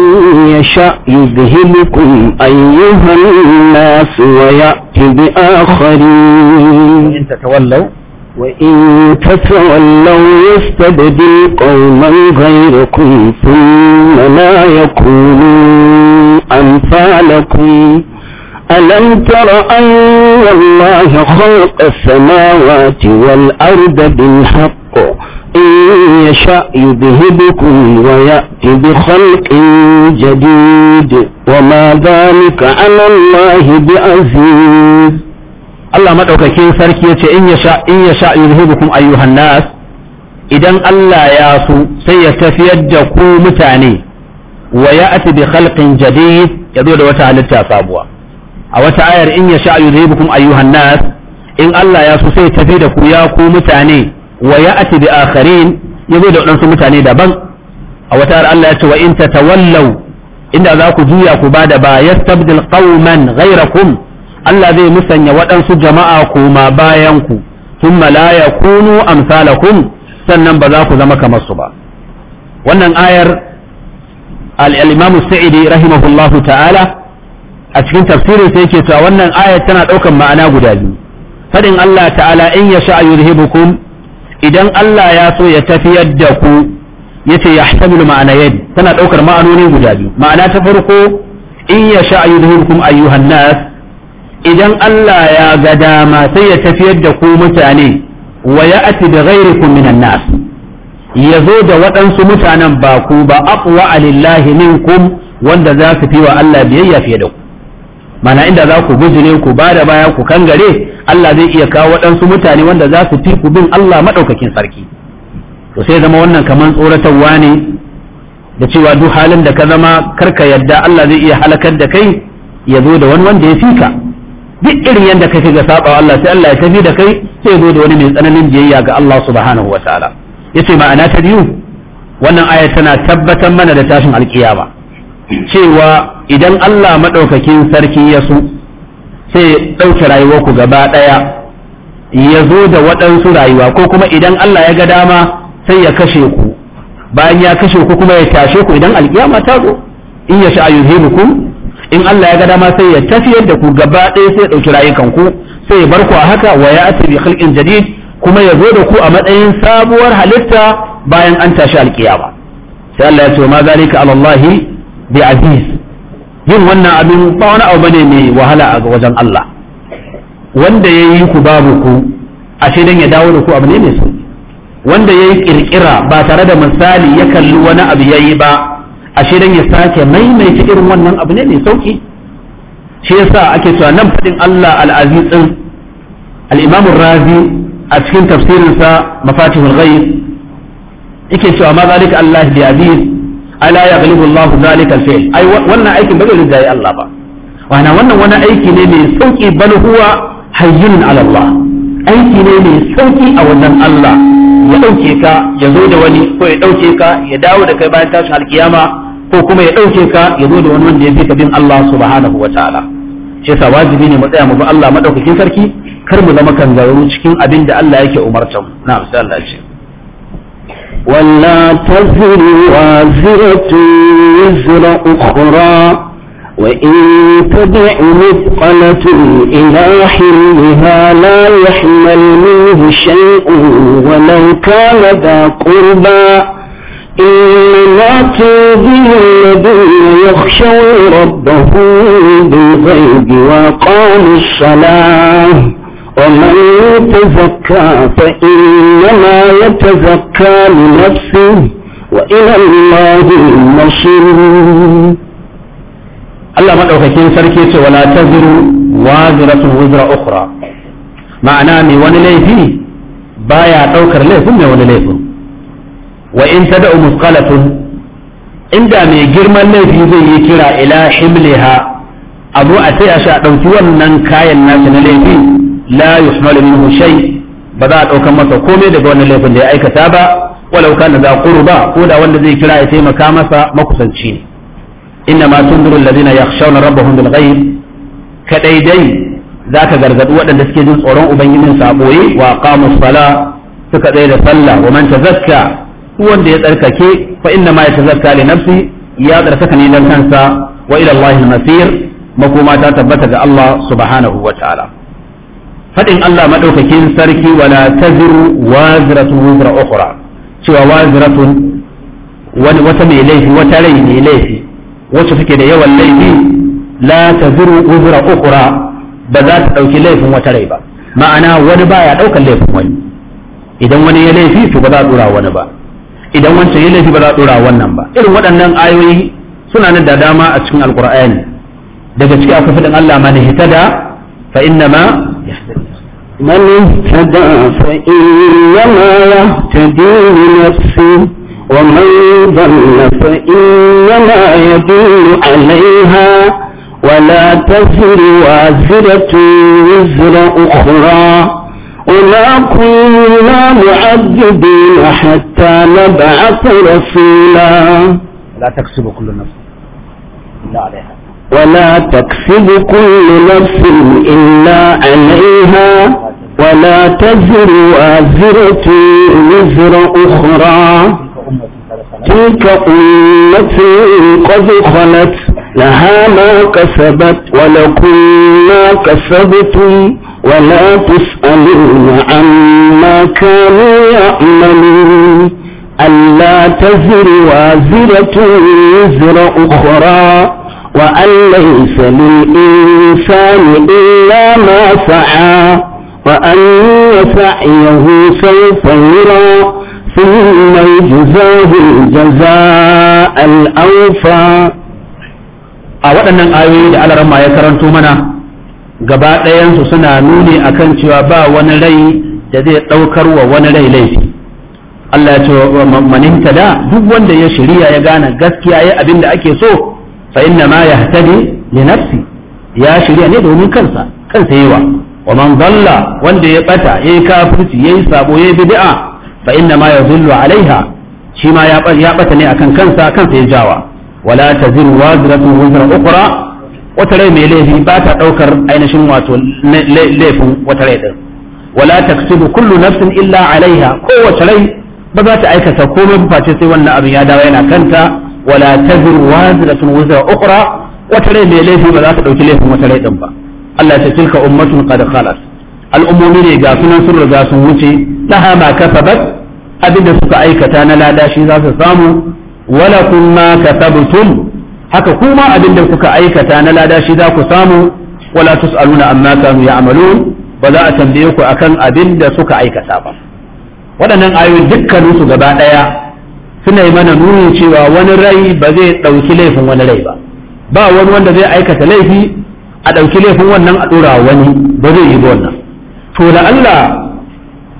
yasha yuzhibukum ayyuhan nas wa ya'ti bi akharin in tatawallaw وإن تتولوا يستبدل قوما غيركم ثم لا يكونوا أمثالكم ألم تر أن الله خلق السماوات والأرض بالحق إن يشاء يذهبكم ويأتي بخلق جديد وما ذلك على الله بعزيز Allah madaukakin sarki ce in yasha in yasha yuzhibukum ayyuhan nas idan Allah ya so sai ya tafiyar da ku mutane wa ya'ti bi khalqin jadid zo da wata halitta sabuwa a wata ayar in ya yasha yuzhibukum ayyuhan nas in Allah ya so sai ya tafi da ku ya ku mutane wa ya'ti bi akharin zo da wadansu mutane daban a wata ayar Allah ya ce wa in tatawallaw inda za ku juya ku bada ba yastabdil qauman ghayrakum Allah zai musanya waɗansu jama'a koma bayan ku thumma la yakunu amsalakum sannan ba za ku zama kamar su ba wannan ayar al-Imam Sa'idi rahimahullahu ta'ala a cikin tafsirin sai ke cewa wannan ayar tana ɗaukan ma'ana guda biyu fadin Allah ta'ala in ya sha yuzhibukum idan Allah ya so ya tafiyar da ku yace ma'ana ma'anayn tana ɗaukar ma'anoni guda biyu ma'ana ta farko in ya sha yuzhibukum ayyuhan nas idan Allah ya ga dama sai ya tafiyar da ku mutane wa ya ati da ghairikum minan nas ya zo da waɗansu mutanen ba ku ba aqwa alillahi kum wanda za su fi wa Allah biyayya fiye da ku mana inda za ku bujire ku ba da baya ku kangare Allah zai iya kawo waɗansu mutane wanda za su fi ku bin Allah maɗaukakin sarki to sai zama wannan kamar tsoratarwa ne da cewa duk halin da ka zama karka yadda Allah zai iya halakar da kai ya zo da wani wanda ya fi ka duk irin yadda kake ga saba Allah sai Allah ya tafi da kai sai zo da wani mai tsananin biyayya ga Allah subhanahu wa ta'ala yace ma'ana ta biyu wannan aya tana tabbatar mana da tashin alkiyama cewa idan Allah madaukakin sarki ya so sai ɗauki rayuwar ku gaba ɗaya ya zo da waɗansu rayuwa ko kuma idan Allah ya ga dama sai ya kashe ku bayan ya kashe ku kuma ya tashe ku idan alkiyama ta zo in ya sha in Allah ya ga dama sai ya tafiyar da ku gaba ɗaya sai ya ɗauki rayukan ku sai ya bar ku a haka wa ya ati bi khalqin jadid kuma ya zo da ku a matsayin sabuwar halitta bayan an tashi alkiyama sai Allah ya ce ma zalika ala Allah bi aziz yin wannan abin ba wani abu bane mai wahala a wajen Allah wanda ya yi ku babu ku ashe dan ya dawo da ku abu ne mai sauki wanda ya yi ƙirƙira ba tare da misali ya kalli wani abu ya yi ba ashe dan ya sake maimaita irin wannan abu ne mai sauki shi yasa ake cewa nan fadin Allah al-aziz din al-imam razi a cikin tafsirinsa mafatihul ghaib yake cewa ma zalika Allah bi aziz ala yaghlibu Allah zalika al-fi'l ai wannan aikin ba zai rigaye Allah ba wana wannan wani aiki ne mai sauki bal huwa hayyun ala Allah aiki ne mai sauki a wannan Allah ya ɗauke ka ya zo da wani ko ya ɗauke ka ya dawo da kai bayan tashin alkiyama ko kuma ya ɗauke ka ya zo da wani wanda ya fi ka bin Allah subhanahu wa ta'ala shi yasa wajibi ne mu tsaya mu bi Allah madaukakin sarki kar mu zama kangaruru cikin abin da Allah yake umartan na sai Allah ce ولا تزر وازرة وزر أخرى وإن تدع مثقلة إلى حلها لا يحمل منه شيء ولو كان ذا قربى إنما تنذر الذين يخشون ربهم بالغيب وقاموا الصلاة ومن يتزكى فإنما يتزكى لنفسه وإلى الله المصير Allah maɗaukakin sarki ce wala taziru waziratu wizra ukhra ma'ana mai wani laifi baya ɗaukar laifin mai wani laifin wa in tad'u musqalatun inda mai girman laifi zai yi kira ila himliha abu a sai a sha dauki wannan kayan nasu na laifi la yuhmalu minhu shay ba za a daukar masa komai daga wani laifin da ya aikata ba walau kana za ba ko da wanda zai kira ya taimaka masa makusanci ne inna ma tundiru alladhina yakhshawna rabbahum bil ghaib kadai dai zaka gargadu waɗanda suke jin tsoron ubangijin sa boye wa qamus sala suka tsaya da sallah wa man tazakka wanda ya tsarkake fa inna ma yatazakka li nafsi ya tsarkaka ne dan kansa wa ila allahi al-masir makoma ta tabbata ga Allah subhanahu wa ta'ala faɗin Allah maɗaukakin sarki wala taziru waziratun wuzra ukhra cewa waziratun wani wata mai laifi wata rai mai laifi wacce take da yawan laifi la taziru uzra ukhra ba za ta dauki laifin wata rai ba ma'ana wani baya daukan laifin wani idan wani ya laifi to ba za a dora wani ba idan wancan ya laifi ba za a dora wannan ba irin waɗannan ayoyi suna nan da dama a cikin alqur'ani daga ciki akwai fadin Allah man hitada fa innama من اهتدى فإنما يهتدي لنفسه ومن ضل فإنما يضل عليها ولا تزر وازرة وزر أخرى وما كنا معذبين حتى نبعث رسولا لا تكسب كل نفس إلا عليها ولا تكسب كل نفس إلا عليها ولا تزر وازرة وزر أخرى تلك أمة قد خلت لها ما كسبت ولكم ما كسبتم ولا تسألون عما كانوا يعملون ألا تزر وازرة وزر أخرى وأن ليس للإنسان إلا ما سعى وأن سعيه سوف يرى ثم يجزاه الجزاء a waɗannan ayoyi da alaran ya karanto mana gaba ɗayansu suna nuni akan cewa ba wani rai da zai ɗaukar wa wani rai laifi Allah ya ce maninta da duk wanda ya shirya ya gane gaskiya ya abin da ake so fa inna ma ya hatade li nafsi ya shirya ne domin kansa kansa yawa wa man dalla wanda ya bata yayi kafirci yayi sabo yayi bid'a fa inna ma yadhullu alaiha shi ma ya ya bata ne akan kansa kansa ya jawa wala taziru wazratun wazra ukhra wata rai mai laifi ba ta daukar ainihin wato laifin wata rai din wala taksubu kullu nafsin illa alaiha wata rai ba za ta aikata komai ba face sai wannan abin ya dawo yana kanta wala taziru wazratun wazra ukhra wata rai mai laifi ba za ta dauki laifin wata rai din ba Allah ya ce tilka ummatun qad khalas al'ummomi ne ga sunan sun riga sun wuce laha ma kasabat abinda suka aikata na lada shi za su samu wala kuma kasabtum haka kuma abinda kuka aikata na lada shi za ku samu wala tusaluna amma kanu ya'malun ba za a tambaye ku akan abinda suka aikata ba waɗannan ayoyi dukkanin su gaba ɗaya suna yi mana nuni cewa wani rai ba zai ɗauki laifin wani rai ba ba wani wanda zai aikata laifi a ɗauki laifin wannan a ɗora wani ba zai yi wannan to da Allah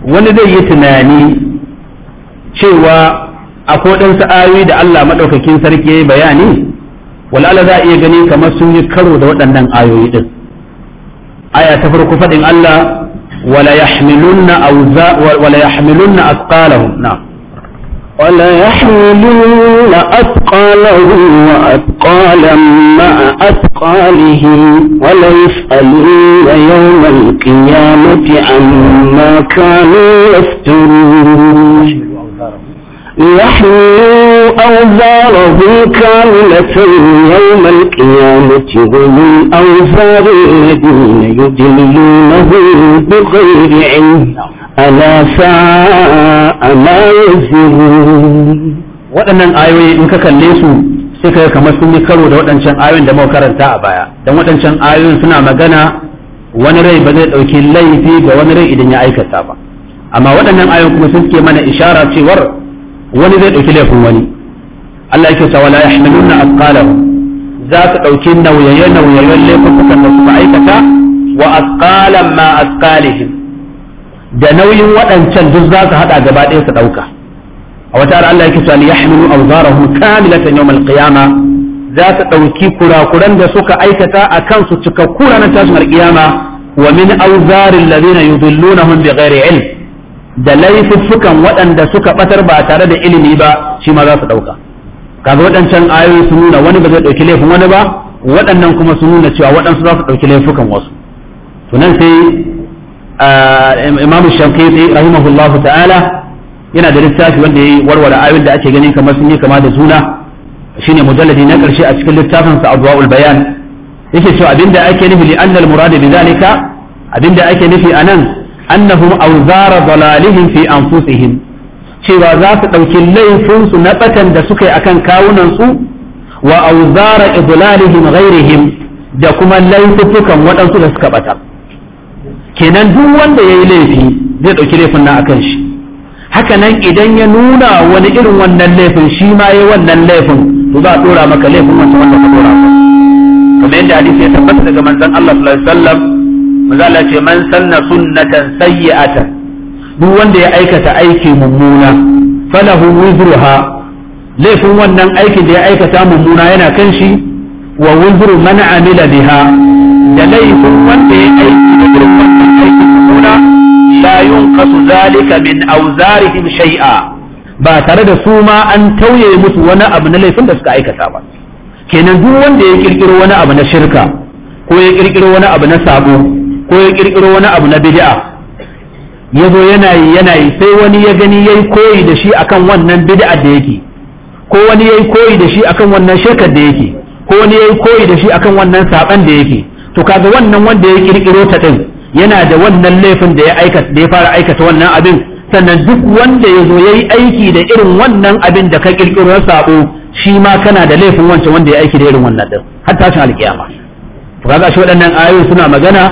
wani zai yi tunani cewa akwai ɗansu ayoyi da Allah maɗaukakin sarki ya yi bayani wal'ala za a iya gani kamar sun yi karo da waɗannan ayoyi ɗin aya ta farko faɗin Allah wala yahmilunna awza wala yahmilunna asqalahum na'am وليحملون أثقالهم وأثقالا مع أثقالهم وليسألون يوم القيامة عما كانوا يفترون ليحملوا أوزارهم كاملة يوم القيامة ومن أوزار الذين يدلونه بغير علم ala sa'a ma waɗannan ayoyi in ka kalle su sai ka kamar sun yi karo da waɗancan ayoyin da muka karanta a baya Don waɗancan ayoyin suna magana wani rai ba zai ɗauki laifi ga wani rai idan ya aikata ba amma waɗannan ayoyin kuma sun suke mana ishara cewar wani zai ɗauki laifin wani Allah yake cewa la yahmiluna asqalahum za su ɗauki nauyayen nauyayen laifukan da suka aikata wa asqalan ma asqalihim da nauyin waɗancan duk za su haɗa gaba ɗaya su ɗauka a wata ara Allah yake cewa li yahmilu awzarahum kamilatan yawmal qiyama za su ɗauki kurakuran da suka aikata a kansu cikakku ranar tashin alƙiyama wa min awzarin ladina yudillunahum bighairi ilm da laifuffukan waɗanda suka batar ba tare da ilimi ba shi ma za su ɗauka kaga waɗancan ayoyi sun nuna wani ba zai ɗauki laifin wani ba waɗannan kuma sun nuna cewa waɗansu za su ɗauki laifukan wasu to nan sai imamu shankiti rahimahullahu ta'ala yana da littafi wanda yayi warware ayoyin da ake gani kamar sun yi kama da juna shine mujalladi na karshe a cikin littafin sa adwaul bayan yake cewa abinda ake nufi li annal murada bi zalika abinda ake nufi anan annahum awzara dalalihim fi anfusihim cewa za su dauki laifin su na batan da suka yi akan kawunan su wa awzara idlalihim ghairihim da kuma laifukan waɗansu da suka bata kenan duk wanda ya yi laifi zai ɗauki laifin nan akan shi haka nan idan ya nuna wani irin wannan laifin shi ma ya wannan laifin to za a ɗora maka laifin wancan wanda ka ɗora maka kamar yadda hadisi ya tabbata daga manzon Allah sallallahu alaihi wasallam manzo Allah ce man sanna sunnatan sayyi'atan duk wanda ya aikata aiki mummuna falahu wizruha laifin wannan aikin da ya aikata mummuna yana kan shi wa wizru man amila biha da laifin wanda ya aiki da gurbin aiki la yunqasu zalika min awzarihim shay'a ba tare da su ma an tauye musu wani abu na laifin da suka aikata ba kenan duk wanda ya kirkiro wani abu na shirka ko ya kirkiro wani abu na sabo ko ya kirkiro wani abu na bid'a ya zo yana yi yana yi sai wani ya gani yayi koyi da shi akan wannan bid'a da yake ko wani yayi koyi da shi akan wannan shirkar da yake ko wani yayi koyi da shi akan wannan saban da yake to kaga wannan wanda ya kirkiro ta din yana da wannan laifin da ya da ya fara aikata wannan abin sannan duk wanda ya zo yayi aiki da irin wannan abin da ka kirkiro sabo shi ma kana da laifin wancan wanda ya aiki da irin wannan din har tashin alkiyama to kaga shi waɗannan ayoyi suna magana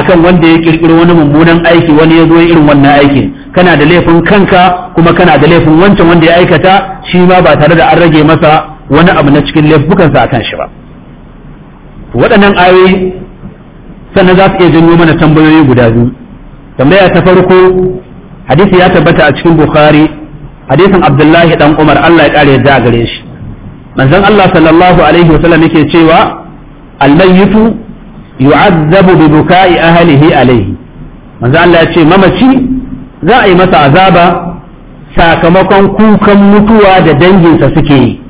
akan wanda ya kirkiro wani mummunan aiki wani ya zo irin wannan aikin kana da laifin kanka kuma kana da laifin wancan wanda ya aikata shi ma ba tare da an rage masa wani abu na cikin laifukansa akan shi ba waɗannan ayoyi sannan za su iya janyo mana tambayoyi guda biyu tambaya ta farko hadisi ya tabbata a cikin bukhari hadisin abdullahi dan umar allah ya kare yadda gare shi manzon allah sallallahu alaihi wa sallam yake cewa almayyitu yu'azzabu bi buka'i ahlihi alaihi manzon allah ya ce mamaci za a yi masa azaba sakamakon kukan mutuwa da danginsa suke yi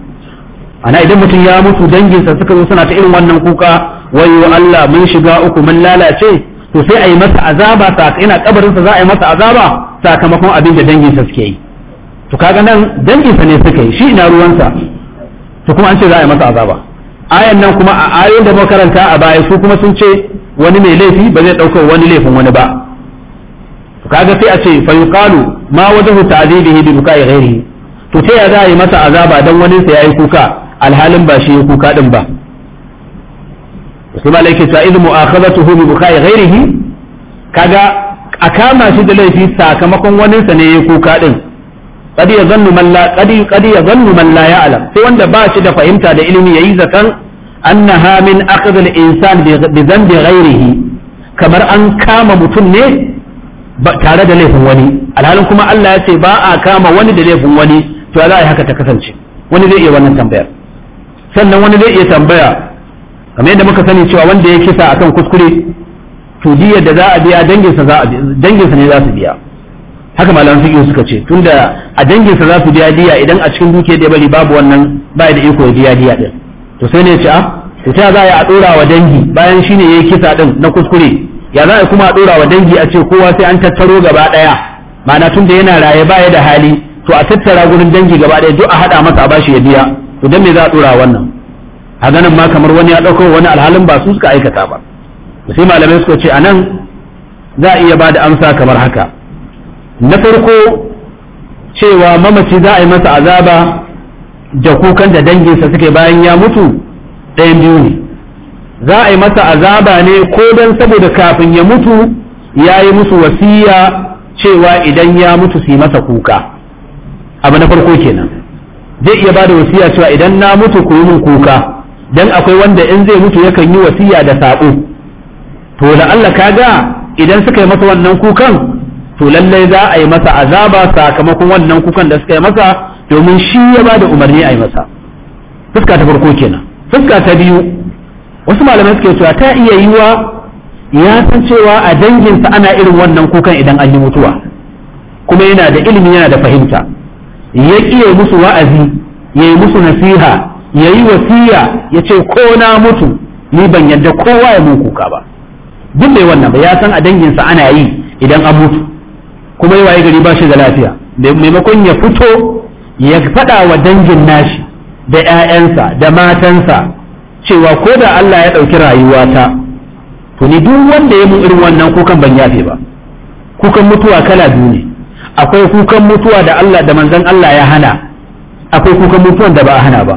ana idan mutum ya mutu danginsa suka zo suna ta irin wannan kuka Wai wa Allah mun shiga uku mun lalace to sai a yi masa azaba ina kabarinsa za a yi masa azaba sakamakon abin da danginsa suke yi to kaga nan danginsa ne suke yi shi ina ruwansa to kuma an ce za a yi masa azaba ayan nan kuma a ayoyin da makaranta a baya su kuma sun ce wani mai laifi ba zai dauka wani laifin wani ba to kaga sai a ce fa yuqalu ma wajahu ta'dibihi bi buka'i ghairihi to sai ya za a yi masa azaba dan wani sa yayi kuka alhalin ba shi ya kuka din ba sai malai ke cewa idh mu'akhadhatuhu bi bukai ghairihi kaga a kama shi da laifi sakamakon wani sa ne ya kuka din qad yazannu man la qad qad yazannu man la ya'lam sai wanda ba shi da fahimta da ilimi yayi zakan annaha min akhdh al-insan bi dhanbi ghairihi kamar an kama mutum ne tare da laifin wani alhalin kuma Allah ya ce ba a kama wani da laifin wani to za a yi haka ta kasance wani zai iya wannan tambayar sannan wani zai iya tambaya kamar yadda muka sani cewa wanda ya kisa akan kuskure to diyar da za a biya danginsa za a danginsa ne za su biya haka malaman fiqh suka ce tunda a danginsa za su biya diya idan a cikin dukiyar da ya bari babu wannan ba da iko ya biya diya din to sai ne ya ce a ah, to ta za a dora wa dangi bayan shine yayi kisa din na kuskure ya za a kuma a dora wa dangi a ce kowa sai an tattaro gaba daya ma'ana tunda yana raye ba ya da hali to a tattara gurin dangi gaba daya duk a hada masa a bashi ya biya to dan me za a dora wannan a ganin ma kamar wani ya ɗauko wani alhalin ba su suka aikata ba sai malamai suka ce a nan za a iya ba da amsa kamar haka na farko cewa mamaci za a yi masa azaba da kukan da danginsa suke bayan ya mutu ɗayan biyu ne za a yi masa azaba ne ko don saboda kafin ya mutu ya yi musu wasiya cewa idan ya mutu su yi masa kuka abu na farko kenan zai iya ba da wasiya cewa idan na mutu ku yi min kuka dan akwai wanda in zai mutu yakan yi wasiya da sabo to da Allah kaga idan suka yi masa wannan kukan to lallai za a yi masa azaba sakamakon wannan kukan da suka yi masa domin shi ya ba da umarni a yi masa fuska ta farko kenan fuska ta biyu wasu malamai suke cewa ta iya yiwa ya san cewa a danginsa ana irin wannan kukan idan an yi mutuwa kuma yana da ilimi yana da fahimta ya iya musu wa'azi ya yi musu nasiha ya yi wasiya ya ce ko na mutu ni ban yadda kowa ya mun kuka ba duk mai wannan ba ya san a danginsa ana yi idan an mutu kuma yi waye gari ba shi da lafiya maimakon ya fito ya faɗa wa dangin nashi da 'ya'yansa da matansa cewa ko da Allah ya ɗauki rayuwata to ni duk wanda ya mun irin wannan kukan ban yafe ba kukan mutuwa kala biyu ne akwai kukan mutuwa da Allah da manzon Allah ya hana akwai kukan mutuwan da ba a hana ba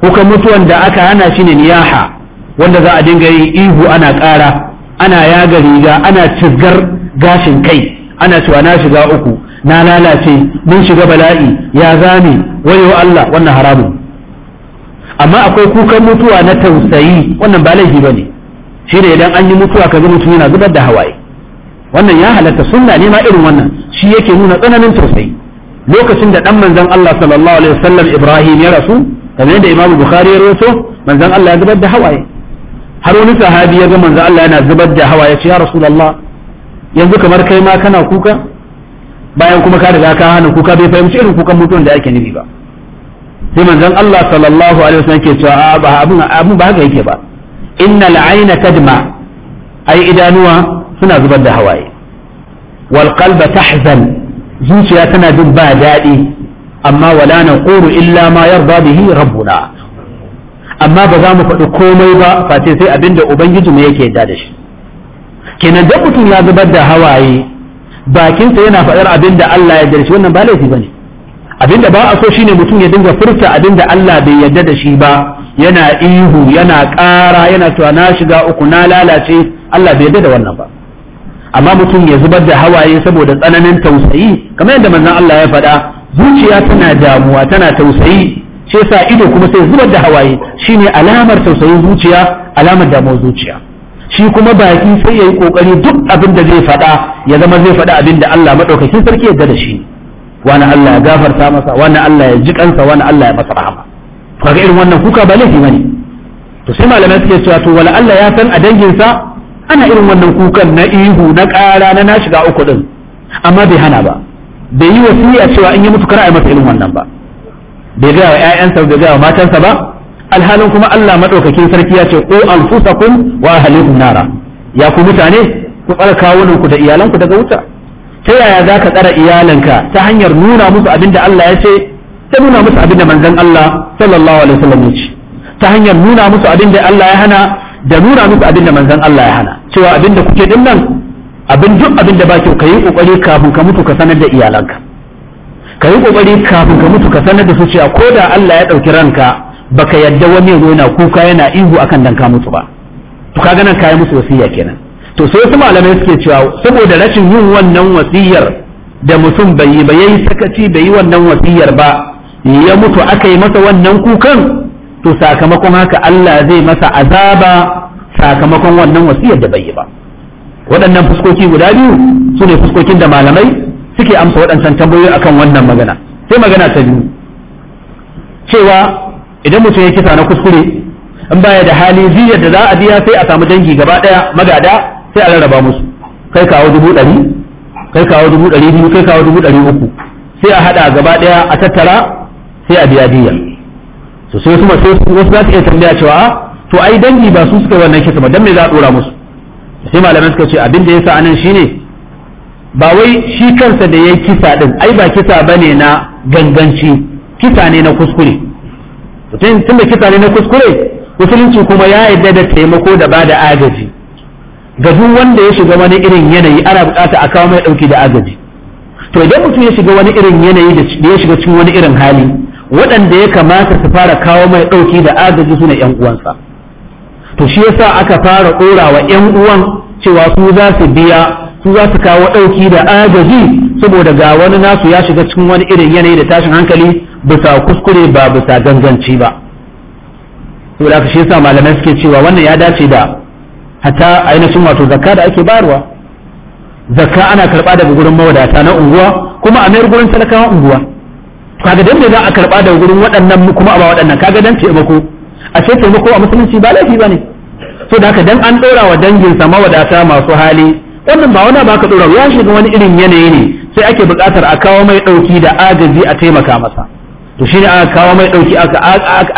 kuka mutuwan da aka hana shi ne niyaha wanda za a dinga yi ihu ana ƙara ana yaga riga ana cizgar gashin kai ana cewa na shiga uku na lalace mun shiga bala'i ya zame wayo Allah wannan haramun amma akwai kukan mutuwa na tausayi wannan ba laifi bane shi ne idan an yi mutuwa kaga mutum yana zubar da hawaye wannan ya halatta sunna ne ma irin wannan shi yake nuna tsananin tausayi lokacin da dan manzon Allah sallallahu alaihi wasallam Ibrahim ya rasu kamar yadda Imam Bukhari ya rawaito manzon Allah ya zubar da hawaye har wani sahabi ya ga manzon Allah yana zubar da hawaye ce ya Rasulullah yanzu kamar kai ma kana kuka bayan kuma ka riga ka hana kuka bai fahimci irin kukan mutuwan da ake nufi ba sai manzon Allah sallallahu alaihi wasallam ke cewa ba abun abun ba haka yake ba innal ayna tadma ai idanuwa suna zubar da hawaye wal qalba tahzan zuciya tana jin ba daɗi amma wala naqulu illa ma yarda bihi rabbuna amma ba za mu faɗi komai ba face sai abinda ubangiji mu yake yadda da shi kenan da mutum ya zubar da hawaye bakinsa yana faɗar abinda Allah ya yarda shi wannan ba laifi bane abinda ba a so shine mutum ya dinga furta abinda Allah bai yarda da shi ba yana ihu yana ƙara yana cewa na shiga uku na lalace Allah bai yarda da wannan ba amma mutum ya zubar da hawaye saboda tsananin tausayi kamar yadda manzon Allah ya faɗa zuciya tana damuwa tana tausayi shi sa ido kuma sai zubar da hawaye shine alamar tausayin zuciya alamar damuwar zuciya shi kuma baki sai yayi kokari duk abin da zai faɗa ya zama zai faɗa abin da Allah madaukakin sarki yarda da shi wani Allah ya gafarta masa wani Allah ya ji kansa wani Allah ya masa rahama kaga irin wannan kuka ba laifi bane to sai malamai suke cewa to wala Allah ya san a danginsa ana irin wannan kukan na ihu na ƙara na na shiga uku din amma bai hana ba bai yi wasiya cewa in yi mutu kar a yi masa irin wannan ba bai gaya wa ƴaƴansa bai gaya wa matansa ba alhalin kuma Allah madaukakin sarki ya ce ku anfusakum wa ahlikum nara ya ku mutane ku tsara kawunan ku da iyalanku daga wuta ta yaya za ka tsara iyalanka ta hanyar nuna musu abin da Allah ya ce ta nuna musu abin da manzon Allah sallallahu alaihi wasallam ya ce ta hanyar nuna musu abin da Allah ya hana da nuna musu abin da manzon Allah ya hana cewa abin da kuke din nan abin duk abin da ba kyau ka yi kokari kafin ka mutu ka sanar da iyalanka ka yi kokari kafin ka mutu ka sanar da su cewa ko da Allah ya ɗauki ranka baka yadda wani ya yana kuka yana ihu akan dan ka mutu ba to kaga nan kayi musu wasiya kenan to sai wasu malamai suke cewa saboda rashin yin wannan wasiyar da mutum bai yi ba yi sakaci bai yi wannan wasiyar ba ya mutu aka yi masa wannan kukan to sakamakon haka Allah zai masa azaba sakamakon wannan wasiyar da bai yi ba waɗannan fuskoki guda biyu su ne fuskokin da malamai suke amsa waɗancan tambayoyi akan wannan magana sai magana ta biyu cewa idan mutum ya kisa na kuskure in baya da hali ziyar da za a biya sai a samu dangi gaba ɗaya magada sai a rarraba musu kai kawo dubu ɗari kai kawo dubu ɗari biyu kai kawo dubu ɗari uku sai a haɗa gaba ɗaya a tattara sai a biya diya Sosai sai wasu wasu za su iya tambaya cewa to ai dangi ba su suka wannan kisa ba dan me za a ɗora musu sai malamai suka ce abin da ya sa anan shine ba wai shi kansa da yayi kisa din ai ba kisa bane na ganganci kisa ne na kuskure tun tunda kisa ne na kuskure musulunci kuma ya yarda da taimako da bada agaji ga duk wanda ya shiga wani irin yanayi ana bukata a kawo mai dauki da agaji to idan mutum ya shiga wani irin yanayi da ya shiga cikin wani irin hali waɗanda ya kamata su fara kawo mai ɗauki da agaji su ne 'yan uwansa to shi yasa aka fara wa ‘yan uwan cewa su za su biya su za su kawo ɗauki da agaji saboda ga wani nasu ya shiga cikin wani irin yanayi da tashin hankali bisa kuskure ba bisa ganganci ba saboda haka shi yasa malamai suke cewa wannan ya dace da hatta ainihin wato zakka da ake bayarwa zakka ana karɓa daga gurin mawadata na unguwa kuma a mayar gurin talakawa unguwa kaga dan da za a karɓa daga gurin waɗannan kuma a ba waɗannan kaga dan taimako ashe taimako a musulunci ba laifi ba ne so da haka dan an ɗora wa danginsa mawadata masu hali wannan ba wani ba ka ɗora ya shiga wani irin yanayi ne sai ake buƙatar a kawo mai ɗauki da agaji a taimaka masa to shine ne aka kawo mai ɗauki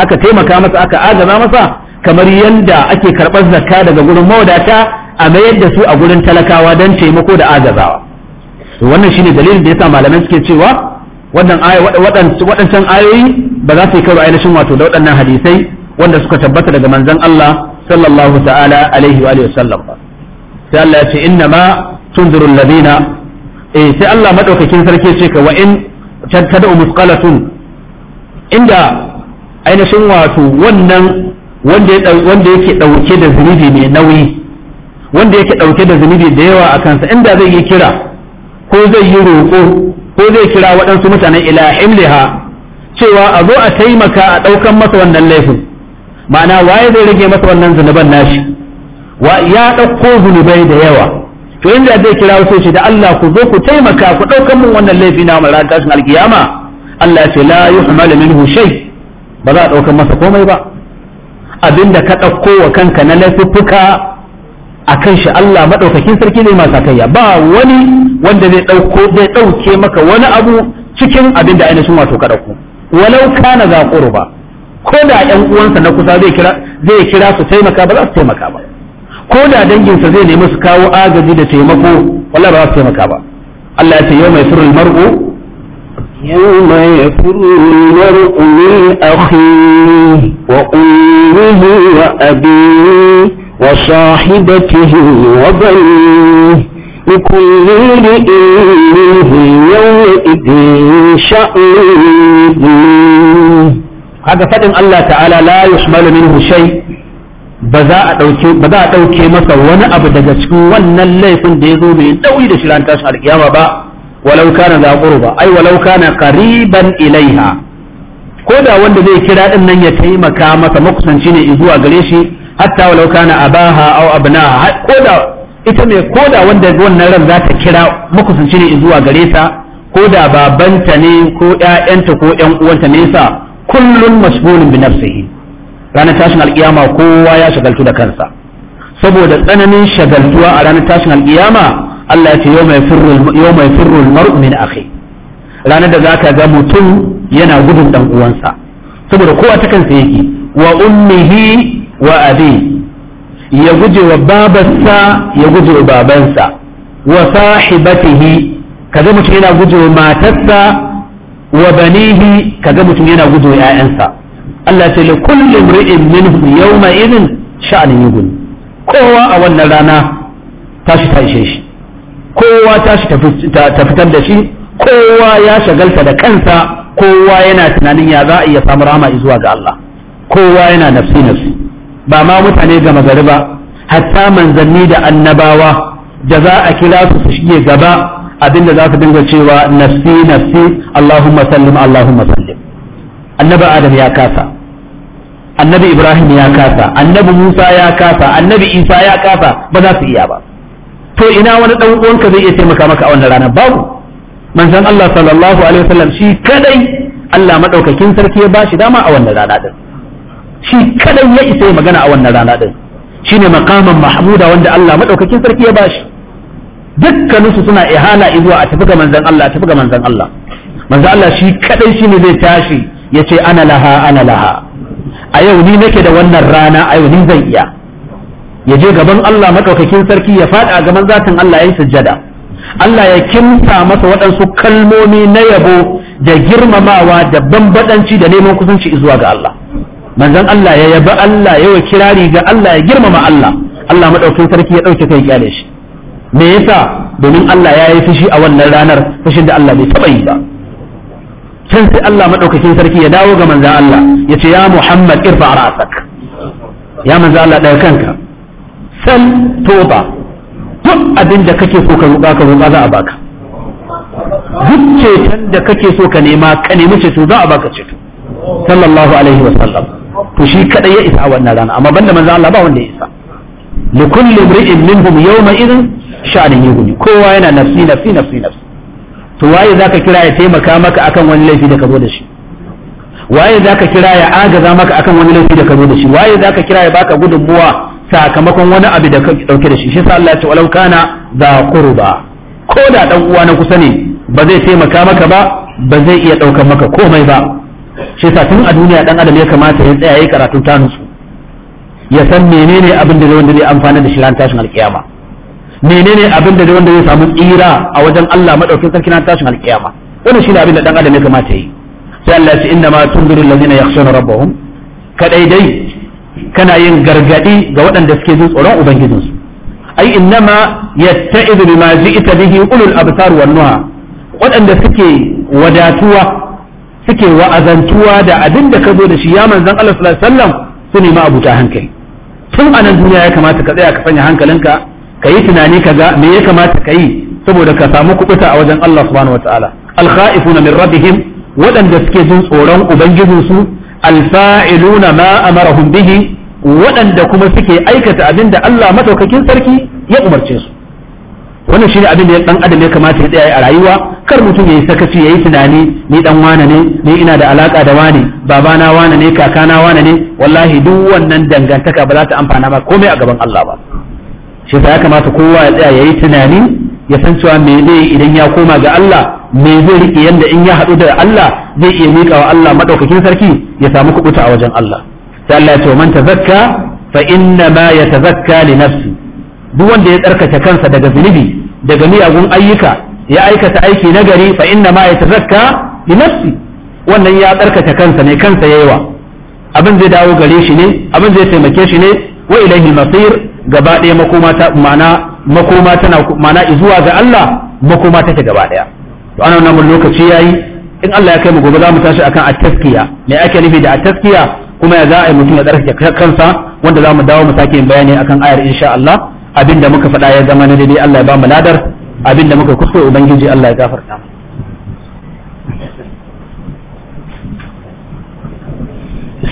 aka taimaka masa aka agaza masa kamar yadda ake karɓar zakka daga gurin mawadata a mayar da su a gurin talakawa don taimako da agazawa wannan shine dalilin da yasa malaman suke cewa waɗancan ayoyi ba za su yi karo ainihin wato da waɗannan hadisai wanda suka tabbata daga manzon Allah sallallahu ta'ala alaihi wa sallam sai Allah ya ce inna ma tunziru alladhina eh sai Allah madaukakin sarki ce ka wa in tadkadu musqalatun inda ainihin wato wannan wanda wanda yake dauke da zunubi mai nauyi wanda yake dauke da zunubi da yawa a kansa inda zai yi kira ko zai yi roƙo ko zai kira waɗansu mutanen ila himliha cewa a zo a taimaka a ɗaukan masa wannan laifin ma'ana waye zai rage masa wannan zunuban nashi wa ya ɗauko zunubai da yawa to inda zai kira wasu shi da Allah ku zo ku taimaka ku ɗaukar min wannan laifi na mara tashin alkiyama Allah ya ce la yuhmalu minhu shay ba za a ɗaukar masa komai ba abinda ka ɗauko wa kanka na laifuffuka a kan shi Allah maɗaukakin sarki ne masa ba wani wanda zai zai ɗauke maka wani abu cikin abinda ainihin wato ka ɗauko walau kana za ba ko da ƴan uwansa na kusa zai kira zai kira su taimaka ba za su taimaka ba ko da danginsa zai nemi su kawo agaji da taimako wallahi ba za su taimaka ba Allah ya ce yau mai sirrin mar'u يوم يفر المرء من أخيه وأمه وأبيه وصاحبته وبنيه لكل امرئ منهم يومئذ شأن يغنيه kaga faɗin Allah ta'ala la yushmalu minhu shay ba za a ɗauke ba za a ɗauke masa wani abu daga cikin wannan laifin da ya zo mai nauyi da shirin tashin alkiyama ba walau kana za qurba ai walau kana qariban ilaiha ko da wanda zai kira din nan ya taimaka masa makusanci ne zuwa gare shi hatta walau kana abaha aw abnaha ko da ita ne ko da wanda wannan ran za ta kira makusanci ne zuwa gare ta ko da babanta ne ko ƴaƴanta ko ƴan uwanta ne sa Kullum mashgulin bi nafsihi ranar tashin alkiyama kowa ya shagaltu da kansa saboda tsananin shagaltuwa a ranar tashin alkiyama Allah ya ce yau mai firrul mar'u min akhi ranar da zaka ga mutum yana gudun dan uwansa saboda kowa ta kansa yake wa ummihi wa abi ya guje wa babarsa ya guje wa babansa wa sahibatihi kaza mutum yana guje wa matarsa wa banihi kaga mutum yana gudu 'ya'yansa. Allah ce li kulli imri'in yau mai irin sha'anin yughni kowa a wannan rana tashi ta ishe shi kowa tashi ta fitar da shi kowa ya shagalta da kansa kowa yana tunanin ya za a iya samu rahama zuwa ga Allah kowa yana nafsi nafsi ba ma mutane ga magari ba hatta manzanni da annabawa da za a kira su su shige gaba abinda za ka dinga cewa nafsi nafsi Allahumma sallim Allahumma sallim annabi Adam ya kasa annabi Ibrahim ya kasa annabi Musa ya kasa annabi Isa ya kasa ba za su iya ba to ina wani dan uwanka zai iya taimaka maka a wannan rana babu manzon Allah sallallahu alaihi wasallam shi kadai Allah madaukakin sarki ya bashi dama a wannan rana din shi kadai ya isa magana a wannan rana din shine makaman mahmuda wanda Allah madaukakin sarki ya bashi dukkaninsu suna ihala izuwa a tafi ga manzon Allah a tafi ga manzon Allah manzon Allah shi kadai ne zai tashi ya ce ana laha ana laha a yau ni nake da wannan rana a yau ni zan iya ya je gaban Allah makaukakin sarki ya faɗi a gaban zatin Allah yayin sujjada Allah ya kimta masa waɗansu kalmomi na yabo da girmamawa da bambadanci da neman kusanci zuwa ga Allah manzon Allah ya yabi Allah ya kirari ga Allah ya girmama Allah Allah madaukakin sarki ya dauke kai kyale shi me yasa domin Allah ya yi fushi a wannan ranar fushin da Allah bai taɓa yi ba can sai Allah maɗaukakin sarki ya dawo ga manzan Allah ya ce ya Muhammad irfa rasak ya manzan Allah ɗaya kanka San toba duk abin da kake so ka roƙa ka roƙa za a baka duk ceton da kake so ka nema ka nemi ceto za a baka ceto sallallahu alaihi wa sallam to shi kadai ya isa wannan rana amma banda manzan Allah ba wanda ya isa likulli imri'in minhum yawma idhin sha'anin yuhuni kowa yana nafsi nafsi nafsi nafsi to waye zaka kira ya taimaka maka akan wani laifi da ka zo da shi waye zaka kira ya agaza maka akan wani laifi da ka zo da shi waye zaka kira ya baka gudunmuwa sakamakon wani abu da ka dauke da shi shi sa Allah ya ce walau kana da qurba ko da dan uwa na kusa ne ba zai taimaka maka ba ba zai iya daukar maka komai ba shi sa tun a duniya dan adam ya kamata ya tsaya yayi karatu ta ya san menene abin da zai wanda zai amfana da shi ran tashin alkiyama menene abin da wanda zai samu tsira a wajen Allah madaukakin sarki na tashin alkiyama wannan shine abin da dan adam ya kamata yi sai Allah ya ce inna ma tunziru allazina yakhshawna rabbahum kadai dai kana yin gargadi ga waɗanda suke jin tsoron ubangijinsu ai ma yatta'idu bima ji'ta bihi ulul absar wan nuha waɗanda suke wadatuwa suke wa'azantuwa da abin da ka zo da shi ya manzon Allah sallallahu alaihi wasallam su ne ma abuta hankali tun anan duniya ya kamata ka tsaya ka sanya hankalinka ka yi tunani ka ga me ya kamata ka yi saboda ka samu kubuta a wajen Allah subhanahu wataala alkhaifuna min rabbihim waɗanda suke jin tsoron ubangijinsu alfa'iluna ma amarahum bihi waɗanda kuma suke aikata abin da Allah madaukakin sarki ya umarce su wannan shine abin da ya dan adam ya kamata ya tsaya a rayuwa kar mutum yi sakaci ya yi tunani ni dan wane ne ni ina da alaka da wane babana wane ne kakana wane ne wallahi duk wannan dangantaka ba za ta amfana ba komai a gaban Allah ba shi ya kamata kowa ya tsaya yayi tunani ya san cewa me zai idan ya koma ga Allah me zai rike yanda in ya haɗu da Allah zai iya miƙa wa Allah madaukakin sarki ya samu kubuta a wajen Allah sai Allah ya ce man tazakka fa inna ma yatazakka li nafsi duk wanda ya tsarkake kansa daga zunubi daga miyagun ayyuka ya aikata aiki na gari fa inna ma yatazakka li nafsi wannan ya tsarkake kansa ne kansa yayiwa abin zai dawo gare shi ne abin zai taimake shi ne wa ilaihi masir gaba ɗaya makoma ta ma'ana makoma tana ma'ana zuwa ga Allah makoma take gaba ɗaya to ana nan lokaci yayi in Allah ya kai mu gobe za mu tashi akan at-tazkiya me ake nufi da at kuma ya za a yi mutum ya tsarkake kansa wanda za mu dawo mu sake bayani akan ayar insha Allah abinda muka faɗa ya zama na daidai Allah ya ba mu ladar abinda muka kuskure ubangiji Allah ya gafarta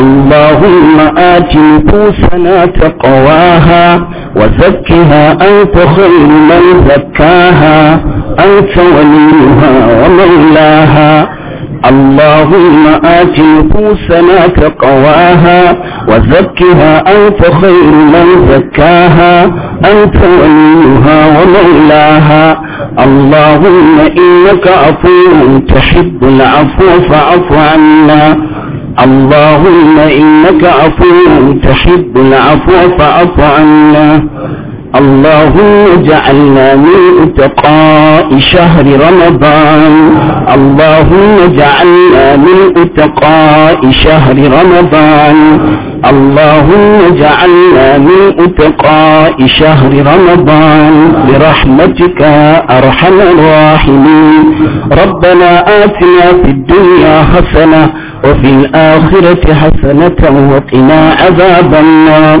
اللهم آت نفوسنا تقواها وزكها أنت خير من زكاها أنت وليها ومولاها اللهم آت نفوسنا تقواها وزكها أنت خير من زكاها أنت وليها ومولاها اللهم إنك عفو تحب العفو فاعف عنا اللهم إنك عفو تحب العفو فاعف عنا اللهم اجعلنا من اتقاء شهر رمضان اللهم اجعلنا من اتقاء شهر رمضان اللهم اجعلنا من اتقاء شهر رمضان برحمتك ارحم الراحمين ربنا آتنا في الدنيا حسنة وفي الآخرة حسنة وقنا عذاب النار